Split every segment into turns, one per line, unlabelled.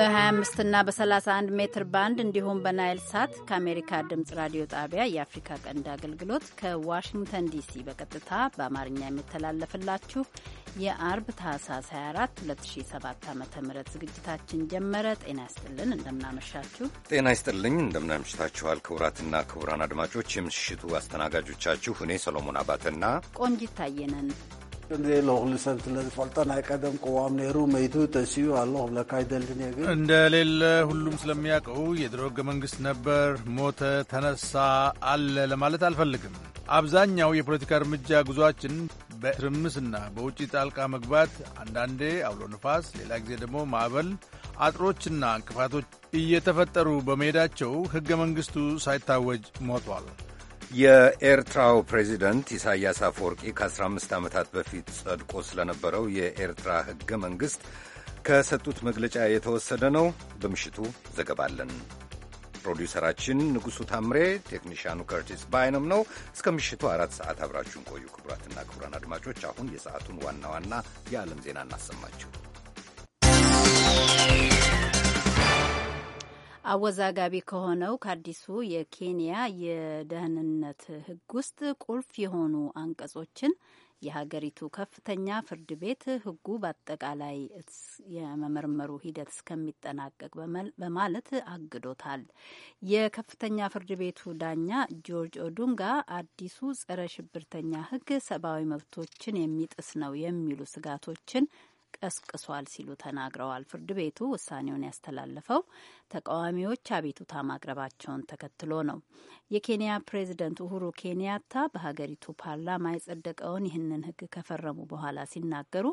በ25 እና በ31 ሜትር ባንድ እንዲሁም በናይል ሳት ከአሜሪካ ድምፅ ራዲዮ ጣቢያ የአፍሪካ ቀንድ አገልግሎት ከዋሽንግተን ዲሲ በቀጥታ በአማርኛ የሚተላለፍላችሁ የአርብ ታህሳስ 24 2007 ዓ ም ዝግጅታችን ጀመረ። ጤና ይስጥልን፣ እንደምናመሻችሁ።
ጤና ይስጥልኝ፣ እንደምናመሽታችኋል። ክቡራትና ክቡራን አድማጮች የምሽቱ አስተናጋጆቻችሁ እኔ ሰሎሞን አባተና
ቆንጂት ታየነን
እንደሌለ
ሁሉም ስለሚያውቀው የድሮ ህገ መንግስት ነበር፣ ሞተ፣ ተነሳ፣ አለ ለማለት አልፈልግም። አብዛኛው የፖለቲካ እርምጃ ጉዟችን በትርምስና በውጭ ጣልቃ መግባት፣ አንዳንዴ አውሎ ንፋስ፣ ሌላ ጊዜ ደግሞ ማዕበል፣ አጥሮችና እንቅፋቶች እየተፈጠሩ በመሄዳቸው ህገ መንግስቱ ሳይታወጅ ሞቷል።
የኤርትራው ፕሬዚደንት ኢሳያስ አፈወርቂ ከ15 ዓመታት በፊት ጸድቆ ስለነበረው የኤርትራ ሕገ መንግሥት ከሰጡት መግለጫ የተወሰደ ነው። በምሽቱ ዘገባለን። ፕሮዲውሰራችን ንጉሡ ታምሬ፣ ቴክኒሽያኑ ከርቲስ ባይንም ነው። እስከ ምሽቱ አራት ሰዓት አብራችሁን ቆዩ። ክቡራትና ክቡራን አድማጮች አሁን የሰዓቱን ዋና ዋና የዓለም ዜና እናሰማችሁ።
አወዛጋቢ ከሆነው ከአዲሱ የኬንያ የደህንነት ሕግ ውስጥ ቁልፍ የሆኑ አንቀጾችን የሀገሪቱ ከፍተኛ ፍርድ ቤት ሕጉ በአጠቃላይ የመመርመሩ ሂደት እስከሚጠናቀቅ በማለት አግዶታል። የከፍተኛ ፍርድ ቤቱ ዳኛ ጆርጅ ኦዱንጋ አዲሱ ጸረ ሽብርተኛ ሕግ ሰብአዊ መብቶችን የሚጥስ ነው የሚሉ ስጋቶችን ቀስቅሷል ሲሉ ተናግረዋል። ፍርድ ቤቱ ውሳኔውን ያስተላለፈው ተቃዋሚዎች አቤቱታ ማቅረባቸውን ተከትሎ ነው። የኬንያ ፕሬዚደንት ኡሁሩ ኬንያታ በሀገሪቱ ፓርላማ የጸደቀውን ይህንን ህግ ከፈረሙ በኋላ ሲናገሩ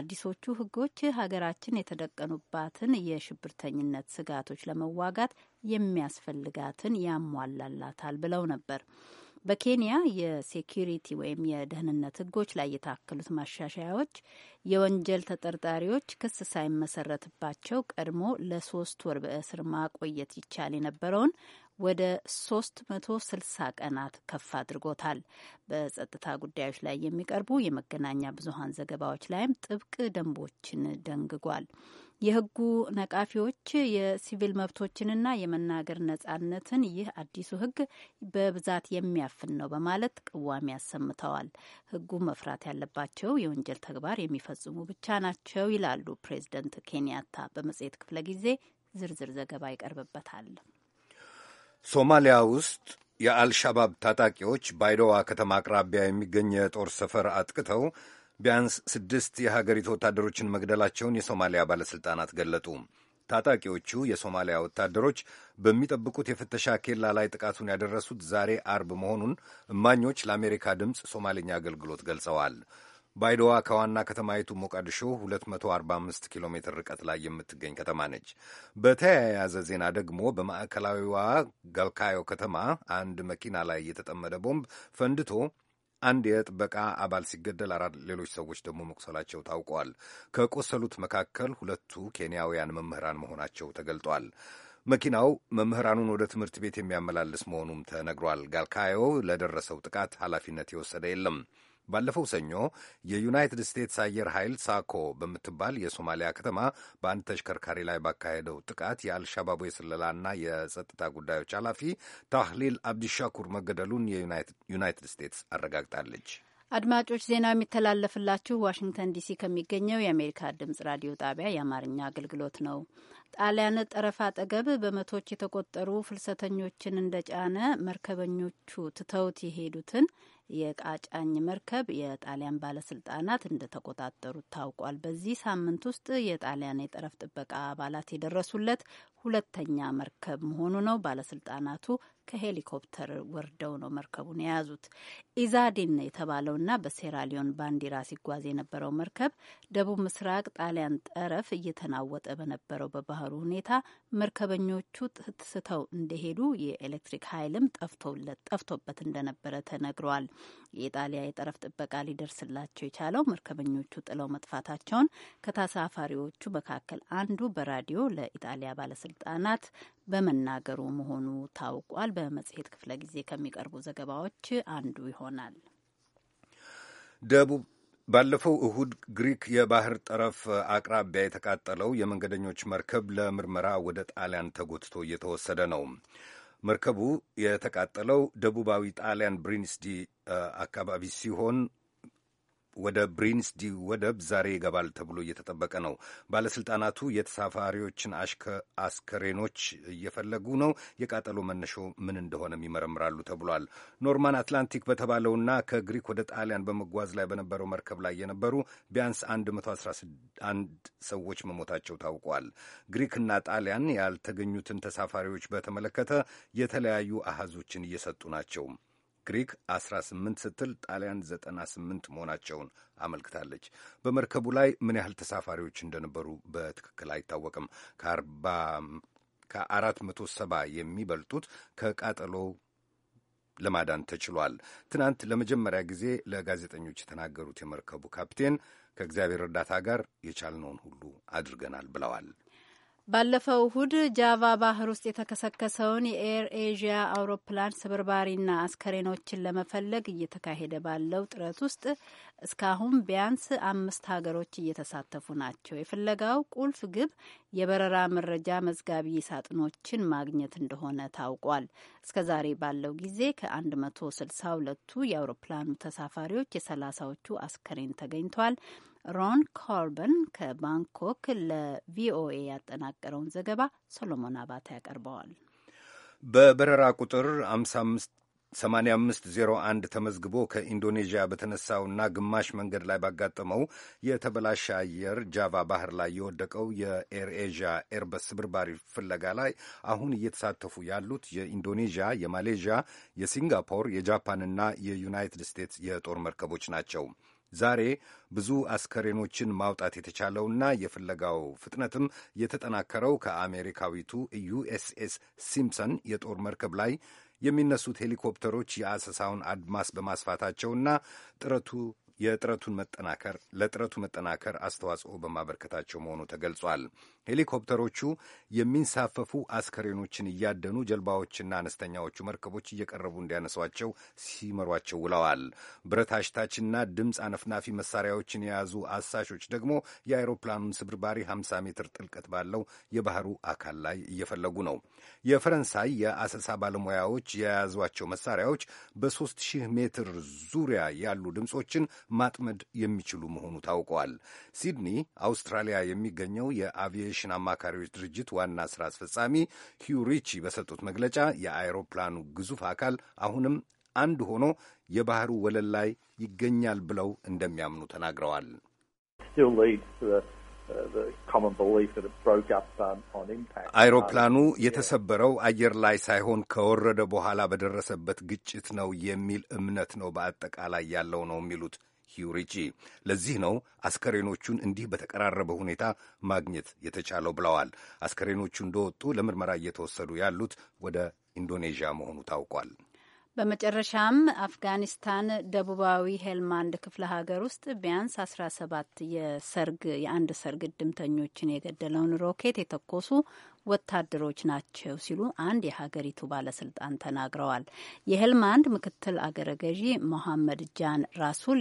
አዲሶቹ ህጎች ሀገራችን የተደቀኑባትን የሽብርተኝነት ስጋቶች ለመዋጋት የሚያስፈልጋትን ያሟላላታል ብለው ነበር። በኬንያ የሴኪሪቲ ወይም የደህንነት ህጎች ላይ የታከሉት ማሻሻያዎች የወንጀል ተጠርጣሪዎች ክስ ሳይመሰረትባቸው ቀድሞ ለሶስት ወር በእስር ማቆየት ይቻል የነበረውን ወደ 360 ቀናት ከፍ አድርጎታል። በጸጥታ ጉዳዮች ላይ የሚቀርቡ የመገናኛ ብዙሀን ዘገባዎች ላይም ጥብቅ ደንቦችን ደንግጓል። የህጉ ነቃፊዎች የሲቪል መብቶችንና የመናገር ነጻነትን ይህ አዲሱ ህግ በብዛት የሚያፍን ነው በማለት ቅዋሚ አሰምተዋል። ህጉ መፍራት ያለባቸው የወንጀል ተግባር የሚፈጽሙ ብቻ ናቸው ይላሉ ፕሬዝደንት ኬንያታ። በመጽሔት ክፍለ ጊዜ ዝርዝር ዘገባ ይቀርብበታል።
ሶማሊያ ውስጥ የአልሻባብ ታጣቂዎች ባይዶዋ ከተማ አቅራቢያ የሚገኝ የጦር ሰፈር አጥቅተው ቢያንስ ስድስት የሀገሪቱ ወታደሮችን መግደላቸውን የሶማሊያ ባለሥልጣናት ገለጡ። ታጣቂዎቹ የሶማሊያ ወታደሮች በሚጠብቁት የፍተሻ ኬላ ላይ ጥቃቱን ያደረሱት ዛሬ አርብ መሆኑን እማኞች ለአሜሪካ ድምፅ ሶማሌኛ አገልግሎት ገልጸዋል። ባይዶዋ ከዋና ከተማይቱ ሞቃዲሾ 245 ኪሎ ሜትር ርቀት ላይ የምትገኝ ከተማ ነች። በተያያዘ ዜና ደግሞ በማዕከላዊዋ ጋልካዮ ከተማ አንድ መኪና ላይ የተጠመደ ቦምብ ፈንድቶ አንድ የጥበቃ አባል ሲገደል አራት ሌሎች ሰዎች ደግሞ መቁሰላቸው ታውቀዋል። ከቆሰሉት መካከል ሁለቱ ኬንያውያን መምህራን መሆናቸው ተገልጧል። መኪናው መምህራኑን ወደ ትምህርት ቤት የሚያመላልስ መሆኑም ተነግሯል። ጋልካዮ ለደረሰው ጥቃት ኃላፊነት የወሰደ የለም። ባለፈው ሰኞ የዩናይትድ ስቴትስ አየር ኃይል ሳኮ በምትባል የሶማሊያ ከተማ በአንድ ተሽከርካሪ ላይ ባካሄደው ጥቃት የአልሻባቡ የስለላና የጸጥታ ጉዳዮች ኃላፊ ታህሊል አብዲሻኩር መገደሉን የዩናይትድ ስቴትስ አረጋግጣለች።
አድማጮች ዜና የሚተላለፍላችሁ ዋሽንግተን ዲሲ ከሚገኘው የአሜሪካ ድምጽ ራዲዮ ጣቢያ የአማርኛ አገልግሎት ነው። ጣሊያን ጠረፍ አጠገብ በመቶዎች የተቆጠሩ ፍልሰተኞችን እንደጫነ መርከበኞቹ ትተውት የሄዱትን የቃጫኝ መርከብ የጣሊያን ባለስልጣናት እንደተቆጣጠሩት ታውቋል። በዚህ ሳምንት ውስጥ የጣሊያን የጠረፍ ጥበቃ አባላት የደረሱለት ሁለተኛ መርከብ መሆኑ ነው። ባለስልጣናቱ ከሄሊኮፕተር ወርደው ነው መርከቡን የያዙት። ኢዛዲን የተባለውና በሴራሊዮን ባንዲራ ሲጓዝ የነበረው መርከብ ደቡብ ምስራቅ ጣሊያን ጠረፍ እየተናወጠ በነበረው በባ የባህሩ ሁኔታ መርከበኞቹ ትስተው እንደሄዱ የኤሌክትሪክ ኃይልም ጠፍቶበት እንደነበረ ተነግሯል። የኢጣሊያ የጠረፍ ጥበቃ ሊደርስላቸው የቻለው መርከበኞቹ ጥለው መጥፋታቸውን ከተሳፋሪዎቹ መካከል አንዱ በራዲዮ ለኢጣሊያ ባለስልጣናት በመናገሩ መሆኑ ታውቋል። በመጽሔት ክፍለ ጊዜ ከሚቀርቡ ዘገባዎች አንዱ ይሆናል።
ደቡብ ባለፈው እሁድ ግሪክ የባህር ጠረፍ አቅራቢያ የተቃጠለው የመንገደኞች መርከብ ለምርመራ ወደ ጣሊያን ተጎትቶ እየተወሰደ ነው። መርከቡ የተቃጠለው ደቡባዊ ጣሊያን ብሪንስዲ አካባቢ ሲሆን ወደ ብሪንስዲ ወደብ ዛሬ ይገባል ተብሎ እየተጠበቀ ነው። ባለስልጣናቱ የተሳፋሪዎችን አስከሬኖች እየፈለጉ ነው። የቃጠሎ መነሾ ምን እንደሆነም ይመረምራሉ ተብሏል። ኖርማን አትላንቲክ በተባለውና ከግሪክ ወደ ጣሊያን በመጓዝ ላይ በነበረው መርከብ ላይ የነበሩ ቢያንስ 111 ሰዎች መሞታቸው ታውቋል። ግሪክና ጣሊያን ያልተገኙትን ተሳፋሪዎች በተመለከተ የተለያዩ አሃዞችን እየሰጡ ናቸው። ግሪክ 18 ስትል ጣሊያን 98 መሆናቸውን አመልክታለች። በመርከቡ ላይ ምን ያህል ተሳፋሪዎች እንደነበሩ በትክክል አይታወቅም። ከአራት መቶ ሰባ የሚበልጡት ከቃጠሎ ለማዳን ተችሏል። ትናንት ለመጀመሪያ ጊዜ ለጋዜጠኞች የተናገሩት የመርከቡ ካፕቴን ከእግዚአብሔር እርዳታ ጋር የቻልነውን ሁሉ አድርገናል ብለዋል።
ባለፈው እሁድ ጃቫ ባህር ውስጥ የተከሰከሰውን የኤር ኤዥያ አውሮፕላን ስብርባሪና አስከሬኖችን ለመፈለግ እየተካሄደ ባለው ጥረት ውስጥ እስካሁን ቢያንስ አምስት ሀገሮች እየተሳተፉ ናቸው። የፍለጋው ቁልፍ ግብ የበረራ መረጃ መዝጋቢ ሳጥኖችን ማግኘት እንደሆነ ታውቋል። እስከዛሬ ባለው ጊዜ ከ162ቱ የአውሮፕላኑ ተሳፋሪዎች የሰላሳዎቹ አስከሬን ተገኝቷል። ሮን ኮርበን ከባንኮክ ለቪኦኤ ያጠናቀረውን ዘገባ ሰሎሞን አባተ ያቀርበዋል።
በበረራ ቁጥር 8501 ተመዝግቦ ከኢንዶኔዥያ በተነሳውና ግማሽ መንገድ ላይ ባጋጠመው የተበላሸ አየር ጃቫ ባህር ላይ የወደቀው የኤርኤዥያ ኤርበስ ስብርባሪ ፍለጋ ላይ አሁን እየተሳተፉ ያሉት የኢንዶኔዥያ፣ የማሌዥያ፣ የሲንጋፖር፣ የጃፓንና የዩናይትድ ስቴትስ የጦር መርከቦች ናቸው። ዛሬ ብዙ አስከሬኖችን ማውጣት የተቻለውና የፍለጋው ፍጥነትም የተጠናከረው ከአሜሪካዊቱ ዩኤስኤስ ሲምፕሰን የጦር መርከብ ላይ የሚነሱት ሄሊኮፕተሮች የአሰሳውን አድማስ በማስፋታቸውና ጥረቱ የጥረቱን መጠናከር ለጥረቱ መጠናከር አስተዋጽኦ በማበርከታቸው መሆኑ ተገልጿል። ሄሊኮፕተሮቹ የሚንሳፈፉ አስከሬኖችን እያደኑ ጀልባዎችና አነስተኛዎቹ መርከቦች እየቀረቡ እንዲያነሷቸው ሲመሯቸው ውለዋል። ብረት አሽታችና ድምፅ አነፍናፊ መሳሪያዎችን የያዙ አሳሾች ደግሞ የአይሮፕላኑን ስብርባሪ 50 ሜትር ጥልቀት ባለው የባህሩ አካል ላይ እየፈለጉ ነው። የፈረንሳይ የአሰሳ ባለሙያዎች የያዟቸው መሳሪያዎች በ ሺህ ሜትር ዙሪያ ያሉ ድምፆችን ማጥመድ የሚችሉ መሆኑ ታውቀዋል። ሲድኒ አውስትራሊያ የሚገኘው የአቪዬሽን አማካሪዎች ድርጅት ዋና ስራ አስፈጻሚ ሂው ሪቺ በሰጡት መግለጫ የአይሮፕላኑ ግዙፍ አካል አሁንም አንድ ሆኖ የባህሩ ወለል ላይ ይገኛል ብለው እንደሚያምኑ ተናግረዋል። uh, um, አይሮፕላኑ የተሰበረው አየር ላይ ሳይሆን ከወረደ በኋላ በደረሰበት ግጭት ነው የሚል እምነት ነው በአጠቃላይ ያለው ነው የሚሉት ሂዩሪቺ። ለዚህ ነው አስከሬኖቹን እንዲህ በተቀራረበ ሁኔታ ማግኘት የተቻለው ብለዋል። አስከሬኖቹ እንደወጡ ለምርመራ እየተወሰዱ ያሉት ወደ ኢንዶኔዥያ መሆኑ ታውቋል።
በመጨረሻም አፍጋኒስታን ደቡባዊ ሄልማንድ ክፍለ ሀገር ውስጥ ቢያንስ አስራ ሰባት የሰርግ የአንድ ሰርግ እድምተኞችን የገደለውን ሮኬት የተኮሱ ወታደሮች ናቸው ሲሉ አንድ የሀገሪቱ ባለስልጣን ተናግረዋል። የሄልማንድ ምክትል አገረ ገዢ ሞሐመድ ጃን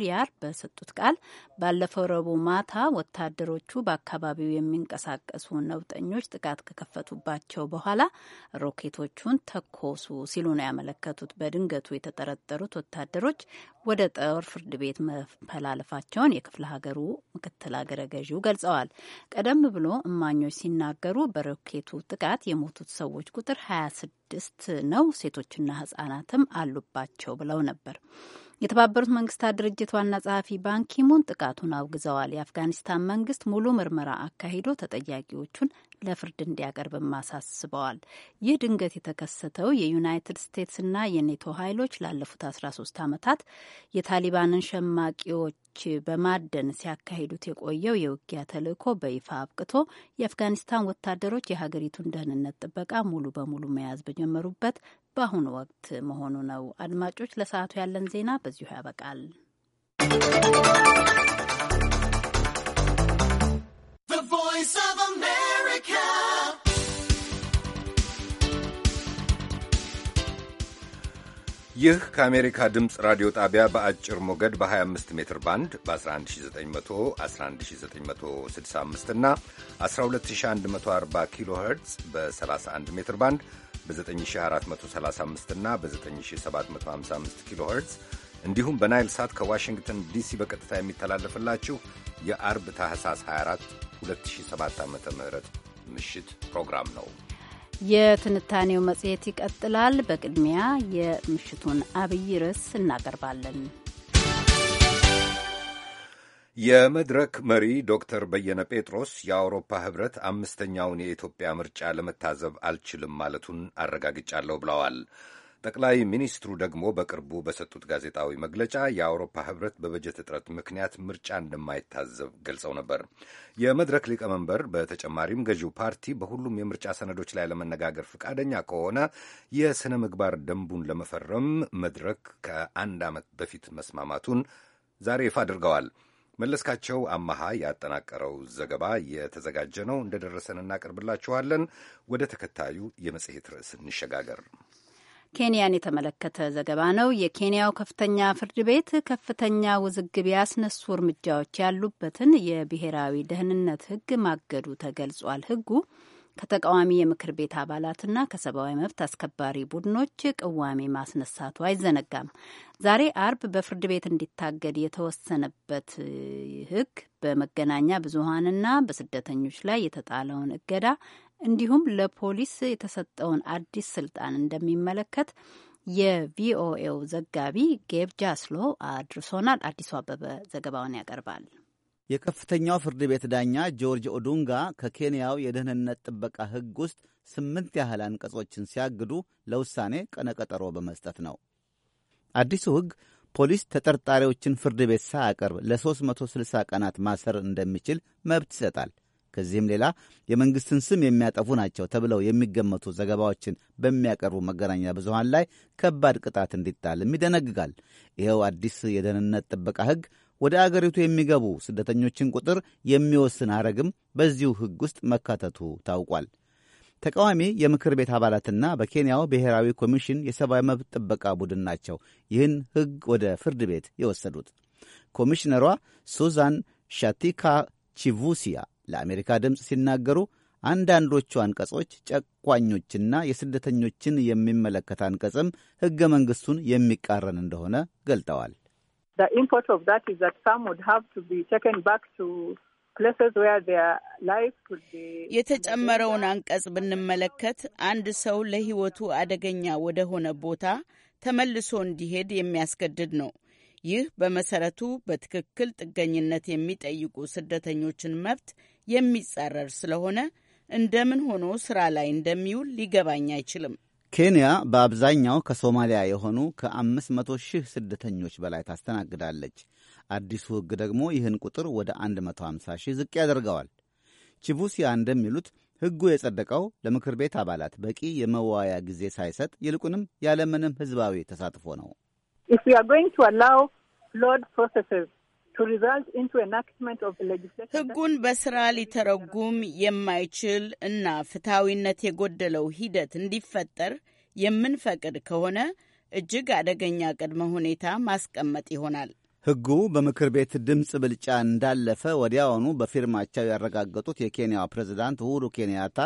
ያር በሰጡት ቃል ባለፈው ረቡዕ ማታ ወታደሮቹ በአካባቢው የሚንቀሳቀሱ ነውጠኞች ጥቃት ከከፈቱባቸው በኋላ ሮኬቶቹን ተኮሱ ሲሉ ነው ያመለከቱት። በድንገቱ የተጠረጠሩት ወታደሮች ወደ ጦር ፍርድ ቤት መፈላለፋቸውን የክፍለ ሀገሩ ምክትል አገረ ገዢው ገልጸዋል። ቀደም ብሎ እማኞች ሲናገሩ በሮኬቱ ጥቃት የሞቱት ሰዎች ቁጥር 26 ነው፣ ሴቶችና ህጻናትም አሉባቸው ብለው ነበር። የተባበሩት መንግስታት ድርጅት ዋና ጸሐፊ ባንኪሙን ጥቃቱን አውግዘዋል። የአፍጋኒስታን መንግስት ሙሉ ምርመራ አካሂዶ ተጠያቂዎቹን ለፍርድ እንዲያቀርብም አሳስበዋል። ይህ ድንገት የተከሰተው የዩናይትድ ስቴትስና የኔቶ ኃይሎች ላለፉት 13 ዓመታት የታሊባንን ሸማቂዎች በማደን ሲያካሂዱት የቆየው የውጊያ ተልዕኮ በይፋ አብቅቶ የአፍጋኒስታን ወታደሮች የሀገሪቱን ደህንነት ጥበቃ ሙሉ በሙሉ መያዝ በጀመሩበት በአሁኑ ወቅት መሆኑ ነው። አድማጮች፣ ለሰዓቱ ያለን ዜና በዚሁ ያበቃል።
ይህ ከአሜሪካ ድምፅ ራዲዮ ጣቢያ በአጭር ሞገድ በ25 ሜትር ባንድ በ 11911965 እና 12140 ኪሎ ኸርትዝ በ31 ሜትር ባንድ በ9435 እና በ9755 ኪሎ ኸርትዝ እንዲሁም በናይል ሳት ከዋሽንግተን ዲሲ በቀጥታ የሚተላለፍላችሁ የአርብ ታህሳስ 24 2007 ዓ ም ምሽት ፕሮግራም ነው።
የትንታኔው መጽሔት ይቀጥላል። በቅድሚያ የምሽቱን አብይ ርዕስ እናቀርባለን።
የመድረክ መሪ ዶክተር በየነ ጴጥሮስ የአውሮፓ ህብረት አምስተኛውን የኢትዮጵያ ምርጫ ለመታዘብ አልችልም ማለቱን አረጋግጫለሁ ብለዋል። ጠቅላይ ሚኒስትሩ ደግሞ በቅርቡ በሰጡት ጋዜጣዊ መግለጫ የአውሮፓ ህብረት በበጀት እጥረት ምክንያት ምርጫ እንደማይታዘብ ገልጸው ነበር። የመድረክ ሊቀመንበር በተጨማሪም ገዢው ፓርቲ በሁሉም የምርጫ ሰነዶች ላይ ለመነጋገር ፈቃደኛ ከሆነ የሥነ ምግባር ደንቡን ለመፈረም መድረክ ከአንድ ዓመት በፊት መስማማቱን ዛሬ ይፋ አድርገዋል። መለስካቸው አማሃ ያጠናቀረው ዘገባ የተዘጋጀ ነው፣ እንደደረሰን እናቀርብላችኋለን። ወደ ተከታዩ የመጽሔት ርዕስ እንሸጋገር።
ኬንያን የተመለከተ ዘገባ ነው። የኬንያው ከፍተኛ ፍርድ ቤት ከፍተኛ ውዝግብ ያስነሱ እርምጃዎች ያሉበትን የብሔራዊ ደህንነት ህግ ማገዱ ተገልጿል። ህጉ ከተቃዋሚ የምክር ቤት አባላትና ከሰብአዊ መብት አስከባሪ ቡድኖች ቅዋሜ ማስነሳቱ አይዘነጋም። ዛሬ አርብ በፍርድ ቤት እንዲታገድ የተወሰነበት ህግ በመገናኛ ብዙሀንና በስደተኞች ላይ የተጣለውን እገዳ እንዲሁም ለፖሊስ የተሰጠውን አዲስ ስልጣን እንደሚመለከት የቪኦኤው ዘጋቢ ጌብ ጃስሎ አድርሶናል። አዲሱ አበበ ዘገባውን ያቀርባል።
የከፍተኛው ፍርድ ቤት ዳኛ ጆርጅ ኦዱንጋ ከኬንያው የደህንነት ጥበቃ ሕግ ውስጥ ስምንት ያህል አንቀጾችን ሲያግዱ ለውሳኔ ቀነቀጠሮ በመስጠት ነው። አዲሱ ሕግ ፖሊስ ተጠርጣሪዎችን ፍርድ ቤት ሳያቀርብ ለ360 ቀናት ማሰር እንደሚችል መብት ይሰጣል። ከዚህም ሌላ የመንግስትን ስም የሚያጠፉ ናቸው ተብለው የሚገመቱ ዘገባዎችን በሚያቀርቡ መገናኛ ብዙሃን ላይ ከባድ ቅጣት እንዲጣልም ይደነግጋል። ይኸው አዲስ የደህንነት ጥበቃ ሕግ ወደ አገሪቱ የሚገቡ ስደተኞችን ቁጥር የሚወስን አረግም በዚሁ ሕግ ውስጥ መካተቱ ታውቋል። ተቃዋሚ የምክር ቤት አባላትና በኬንያው ብሔራዊ ኮሚሽን የሰብአዊ መብት ጥበቃ ቡድን ናቸው ይህን ሕግ ወደ ፍርድ ቤት የወሰዱት። ኮሚሽነሯ ሱዛን ሻቲካ ቺቩሲያ ለአሜሪካ ድምፅ ሲናገሩ አንዳንዶቹ አንቀጾች ጨቋኞችና የስደተኞችን የሚመለከት አንቀጽም ሕገ መንግሥቱን የሚቃረን እንደሆነ ገልጠዋል።
የተጨመረውን አንቀጽ ብንመለከት አንድ ሰው ለሕይወቱ አደገኛ ወደ ሆነ ቦታ ተመልሶ እንዲሄድ የሚያስገድድ ነው። ይህ በመሰረቱ በትክክል ጥገኝነት የሚጠይቁ ስደተኞችን መብት የሚጻረር ስለሆነ እንደምን ሆኖ ስራ ላይ እንደሚውል ሊገባኝ አይችልም።
ኬንያ በአብዛኛው ከሶማሊያ የሆኑ ከ መቶ ሺህ ስደተኞች በላይ ታስተናግዳለች። አዲሱ ሕግ ደግሞ ይህን ቁጥር ወደ 150 ሺህ ዝቅ ያደርገዋል። ቺቡሲያ እንደሚሉት ሕጉ የጸደቀው ለምክር ቤት አባላት በቂ የመዋያ ጊዜ ሳይሰጥ ይልቁንም ያለምንም ሕዝባዊ ተሳትፎ ነው።
ህጉን በስራ ሊተረጉም የማይችል እና ፍትሐዊነት የጎደለው ሂደት እንዲፈጠር የምንፈቅድ ከሆነ እጅግ አደገኛ ቅድመ ሁኔታ ማስቀመጥ ይሆናል።
ህጉ በምክር ቤት ድምፅ ብልጫ እንዳለፈ ወዲያውኑ በፊርማቸው ያረጋገጡት የኬንያ ፕሬዝዳንት ኡሁሩ ኬንያታ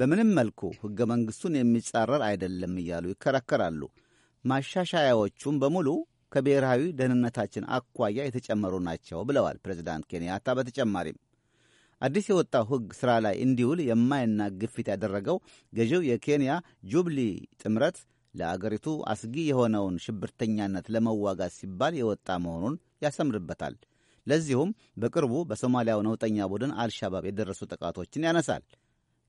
በምንም መልኩ ህገ መንግስቱን የሚጻረር አይደለም እያሉ ይከራከራሉ። ማሻሻያዎቹም በሙሉ ከብሔራዊ ደህንነታችን አኳያ የተጨመሩ ናቸው ብለዋል ፕሬዚዳንት ኬንያታ። በተጨማሪም አዲስ የወጣው ሕግ ሥራ ላይ እንዲውል የማይና ግፊት ያደረገው ገዢው የኬንያ ጁብሊ ጥምረት ለአገሪቱ አስጊ የሆነውን ሽብርተኛነት ለመዋጋት ሲባል የወጣ መሆኑን ያሰምርበታል። ለዚሁም በቅርቡ በሶማሊያው ነውጠኛ ቡድን አልሻባብ የደረሱ ጥቃቶችን ያነሳል።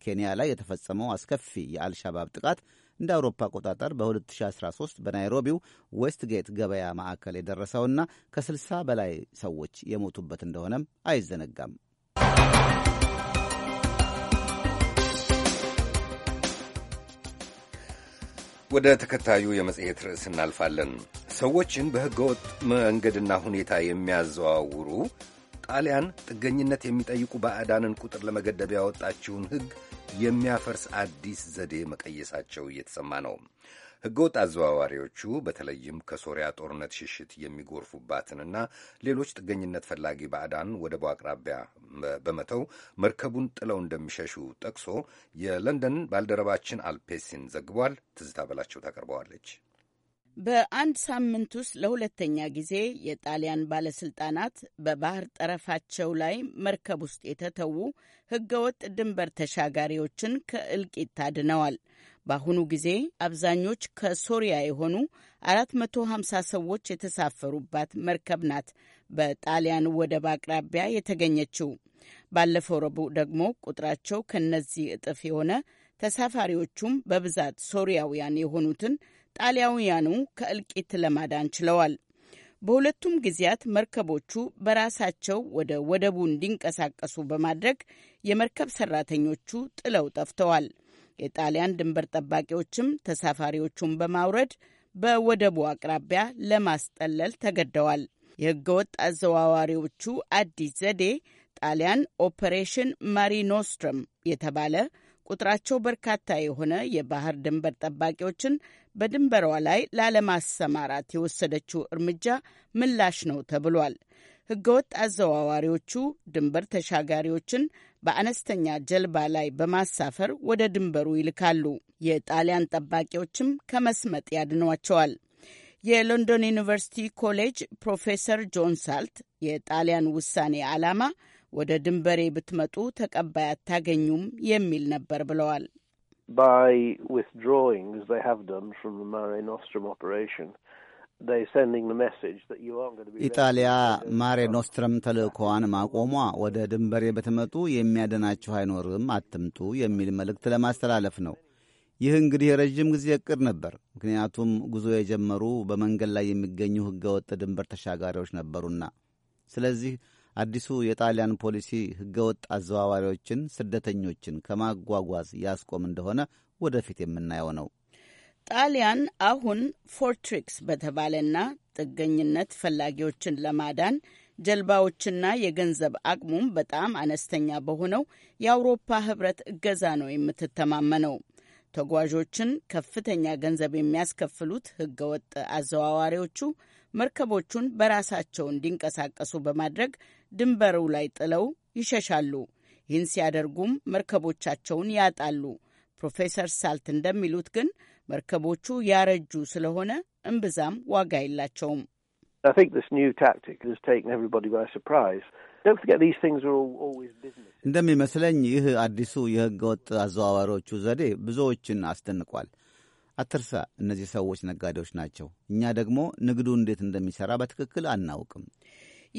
ኬንያ ላይ የተፈጸመው አስከፊ የአልሻባብ ጥቃት እንደ አውሮፓ አቆጣጠር በ2013 በናይሮቢው ዌስትጌት ገበያ ማዕከል የደረሰውና ከ60 በላይ ሰዎች የሞቱበት እንደሆነም አይዘነጋም።
ወደ ተከታዩ የመጽሔት ርዕስ እናልፋለን። ሰዎችን በሕገወጥ መንገድና ሁኔታ የሚያዘዋውሩ ጣሊያን ጥገኝነት የሚጠይቁ ባዕዳንን ቁጥር ለመገደብ ያወጣችውን ሕግ የሚያፈርስ አዲስ ዘዴ መቀየሳቸው እየተሰማ ነው። ሕገወጥ አዘዋዋሪዎቹ በተለይም ከሶሪያ ጦርነት ሽሽት የሚጎርፉባትንና ሌሎች ጥገኝነት ፈላጊ ባዕዳን ወደቡ አቅራቢያ በመተው መርከቡን ጥለው እንደሚሸሹ ጠቅሶ የለንደን ባልደረባችን አልፔሲን ዘግቧል። ትዝታ በላቸው ታቀርበዋለች።
በአንድ ሳምንት ውስጥ ለሁለተኛ ጊዜ የጣሊያን ባለስልጣናት በባህር ጠረፋቸው ላይ መርከብ ውስጥ የተተዉ ህገወጥ ድንበር ተሻጋሪዎችን ከእልቂት አድነዋል። በአሁኑ ጊዜ አብዛኞች ከሶሪያ የሆኑ 450 ሰዎች የተሳፈሩባት መርከብ ናት በጣሊያን ወደብ አቅራቢያ የተገኘችው። ባለፈው ረቡዕ ደግሞ ቁጥራቸው ከነዚህ እጥፍ የሆነ ተሳፋሪዎቹም በብዛት ሶሪያውያን የሆኑትን ጣሊያውያኑ ከእልቂት ለማዳን ችለዋል። በሁለቱም ጊዜያት መርከቦቹ በራሳቸው ወደ ወደቡ እንዲንቀሳቀሱ በማድረግ የመርከብ ሰራተኞቹ ጥለው ጠፍተዋል። የጣሊያን ድንበር ጠባቂዎችም ተሳፋሪዎቹን በማውረድ በወደቡ አቅራቢያ ለማስጠለል ተገደዋል። የህገወጥ አዘዋዋሪዎቹ አዲስ ዘዴ ጣሊያን ኦፐሬሽን ማሪኖስትረም የተባለ ቁጥራቸው በርካታ የሆነ የባህር ድንበር ጠባቂዎችን በድንበሯ ላይ ላለማሰማራት የወሰደችው እርምጃ ምላሽ ነው ተብሏል። ህገወጥ አዘዋዋሪዎቹ ድንበር ተሻጋሪዎችን በአነስተኛ ጀልባ ላይ በማሳፈር ወደ ድንበሩ ይልካሉ። የጣሊያን ጠባቂዎችም ከመስመጥ ያድኗቸዋል። የሎንዶን ዩኒቨርሲቲ ኮሌጅ ፕሮፌሰር ጆን ሳልት የጣሊያን ውሳኔ ዓላማ ወደ ድንበሬ ብትመጡ ተቀባይ አታገኙም የሚል ነበር ብለዋል።
by withdrawing, as they have done from the Mare Nostrum operation,
ኢጣሊያ ማሬ ኖስትረም ተልእኮዋን ማቆሟ ወደ ድንበሬ በተመጡ የሚያደናችሁ አይኖርም አትምጡ የሚል መልእክት ለማስተላለፍ ነው። ይህ እንግዲህ የረዥም ጊዜ እቅድ ነበር። ምክንያቱም ጉዞ የጀመሩ በመንገድ ላይ የሚገኙ ሕገወጥ ድንበር ተሻጋሪዎች ነበሩና። ስለዚህ አዲሱ የጣሊያን ፖሊሲ ህገወጥ አዘዋዋሪዎችን፣ ስደተኞችን ከማጓጓዝ ያስቆም እንደሆነ ወደፊት የምናየው ነው።
ጣሊያን አሁን ፎርትሪክስ በተባለና ጥገኝነት ፈላጊዎችን ለማዳን ጀልባዎችና የገንዘብ አቅሙም በጣም አነስተኛ በሆነው የአውሮፓ ህብረት እገዛ ነው የምትተማመነው። ተጓዦችን ከፍተኛ ገንዘብ የሚያስከፍሉት ህገወጥ አዘዋዋሪዎቹ መርከቦቹን በራሳቸው እንዲንቀሳቀሱ በማድረግ ድንበሩ ላይ ጥለው ይሸሻሉ። ይህን ሲያደርጉም መርከቦቻቸውን ያጣሉ። ፕሮፌሰር ሳልት እንደሚሉት ግን መርከቦቹ ያረጁ ስለሆነ እምብዛም ዋጋ የላቸውም።
እንደሚመስለኝ ይህ አዲሱ ወጥ አዘዋዋሪዎቹ ዘዴ ብዙዎችን አስደንቋል። አትርሳ፣ እነዚህ ሰዎች ነጋዴዎች ናቸው። እኛ ደግሞ ንግዱ እንዴት እንደሚሠራ በትክክል አናውቅም።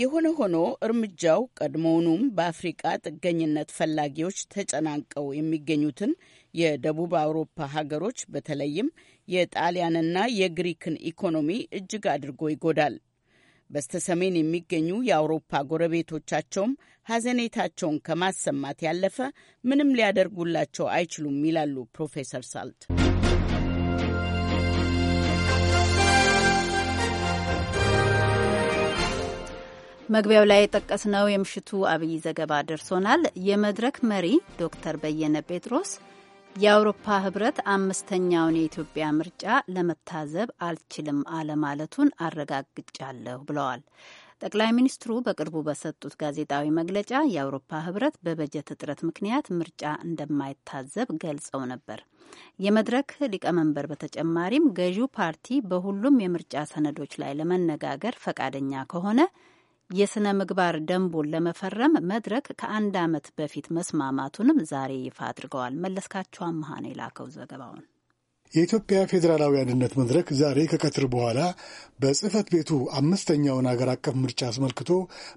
የሆነ ሆኖ እርምጃው ቀድሞውኑም በአፍሪቃ ጥገኝነት ፈላጊዎች ተጨናንቀው የሚገኙትን የደቡብ አውሮፓ ሀገሮች በተለይም የጣሊያንና የግሪክን ኢኮኖሚ እጅግ አድርጎ ይጎዳል። በስተ ሰሜን የሚገኙ የአውሮፓ ጎረቤቶቻቸውም ሀዘኔታቸውን ከማሰማት ያለፈ ምንም ሊያደርጉላቸው አይችሉም ይላሉ ፕሮፌሰር ሳልት። መግቢያው ላይ
የጠቀስነው የምሽቱ አብይ ዘገባ ደርሶናል። የመድረክ መሪ ዶክተር በየነ ጴጥሮስ የአውሮፓ ህብረት አምስተኛውን የኢትዮጵያ ምርጫ ለመታዘብ አልችልም አለማለቱን አረጋግጫለሁ ብለዋል። ጠቅላይ ሚኒስትሩ በቅርቡ በሰጡት ጋዜጣዊ መግለጫ የአውሮፓ ህብረት በበጀት እጥረት ምክንያት ምርጫ እንደማይታዘብ ገልጸው ነበር። የመድረክ ሊቀመንበር በተጨማሪም ገዢው ፓርቲ በሁሉም የምርጫ ሰነዶች ላይ ለመነጋገር ፈቃደኛ ከሆነ የሥነ ምግባር ደንቡን ለመፈረም መድረክ ከአንድ ዓመት በፊት መስማማቱንም ዛሬ ይፋ አድርገዋል። መለስካቸው አመሃ ነው የላከው ዘገባውን።
የኢትዮጵያ ፌዴራላዊ አንድነት መድረክ ዛሬ ከቀትር በኋላ በጽህፈት ቤቱ አምስተኛውን አገር አቀፍ ምርጫ አስመልክቶ